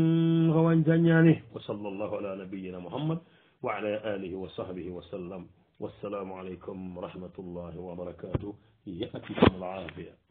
غوان جانياني وصلى الله على نبينا محمد وعلى آله وصحبه وسلم والسلام عليكم ورحمة الله وبركاته يأتيكم العافية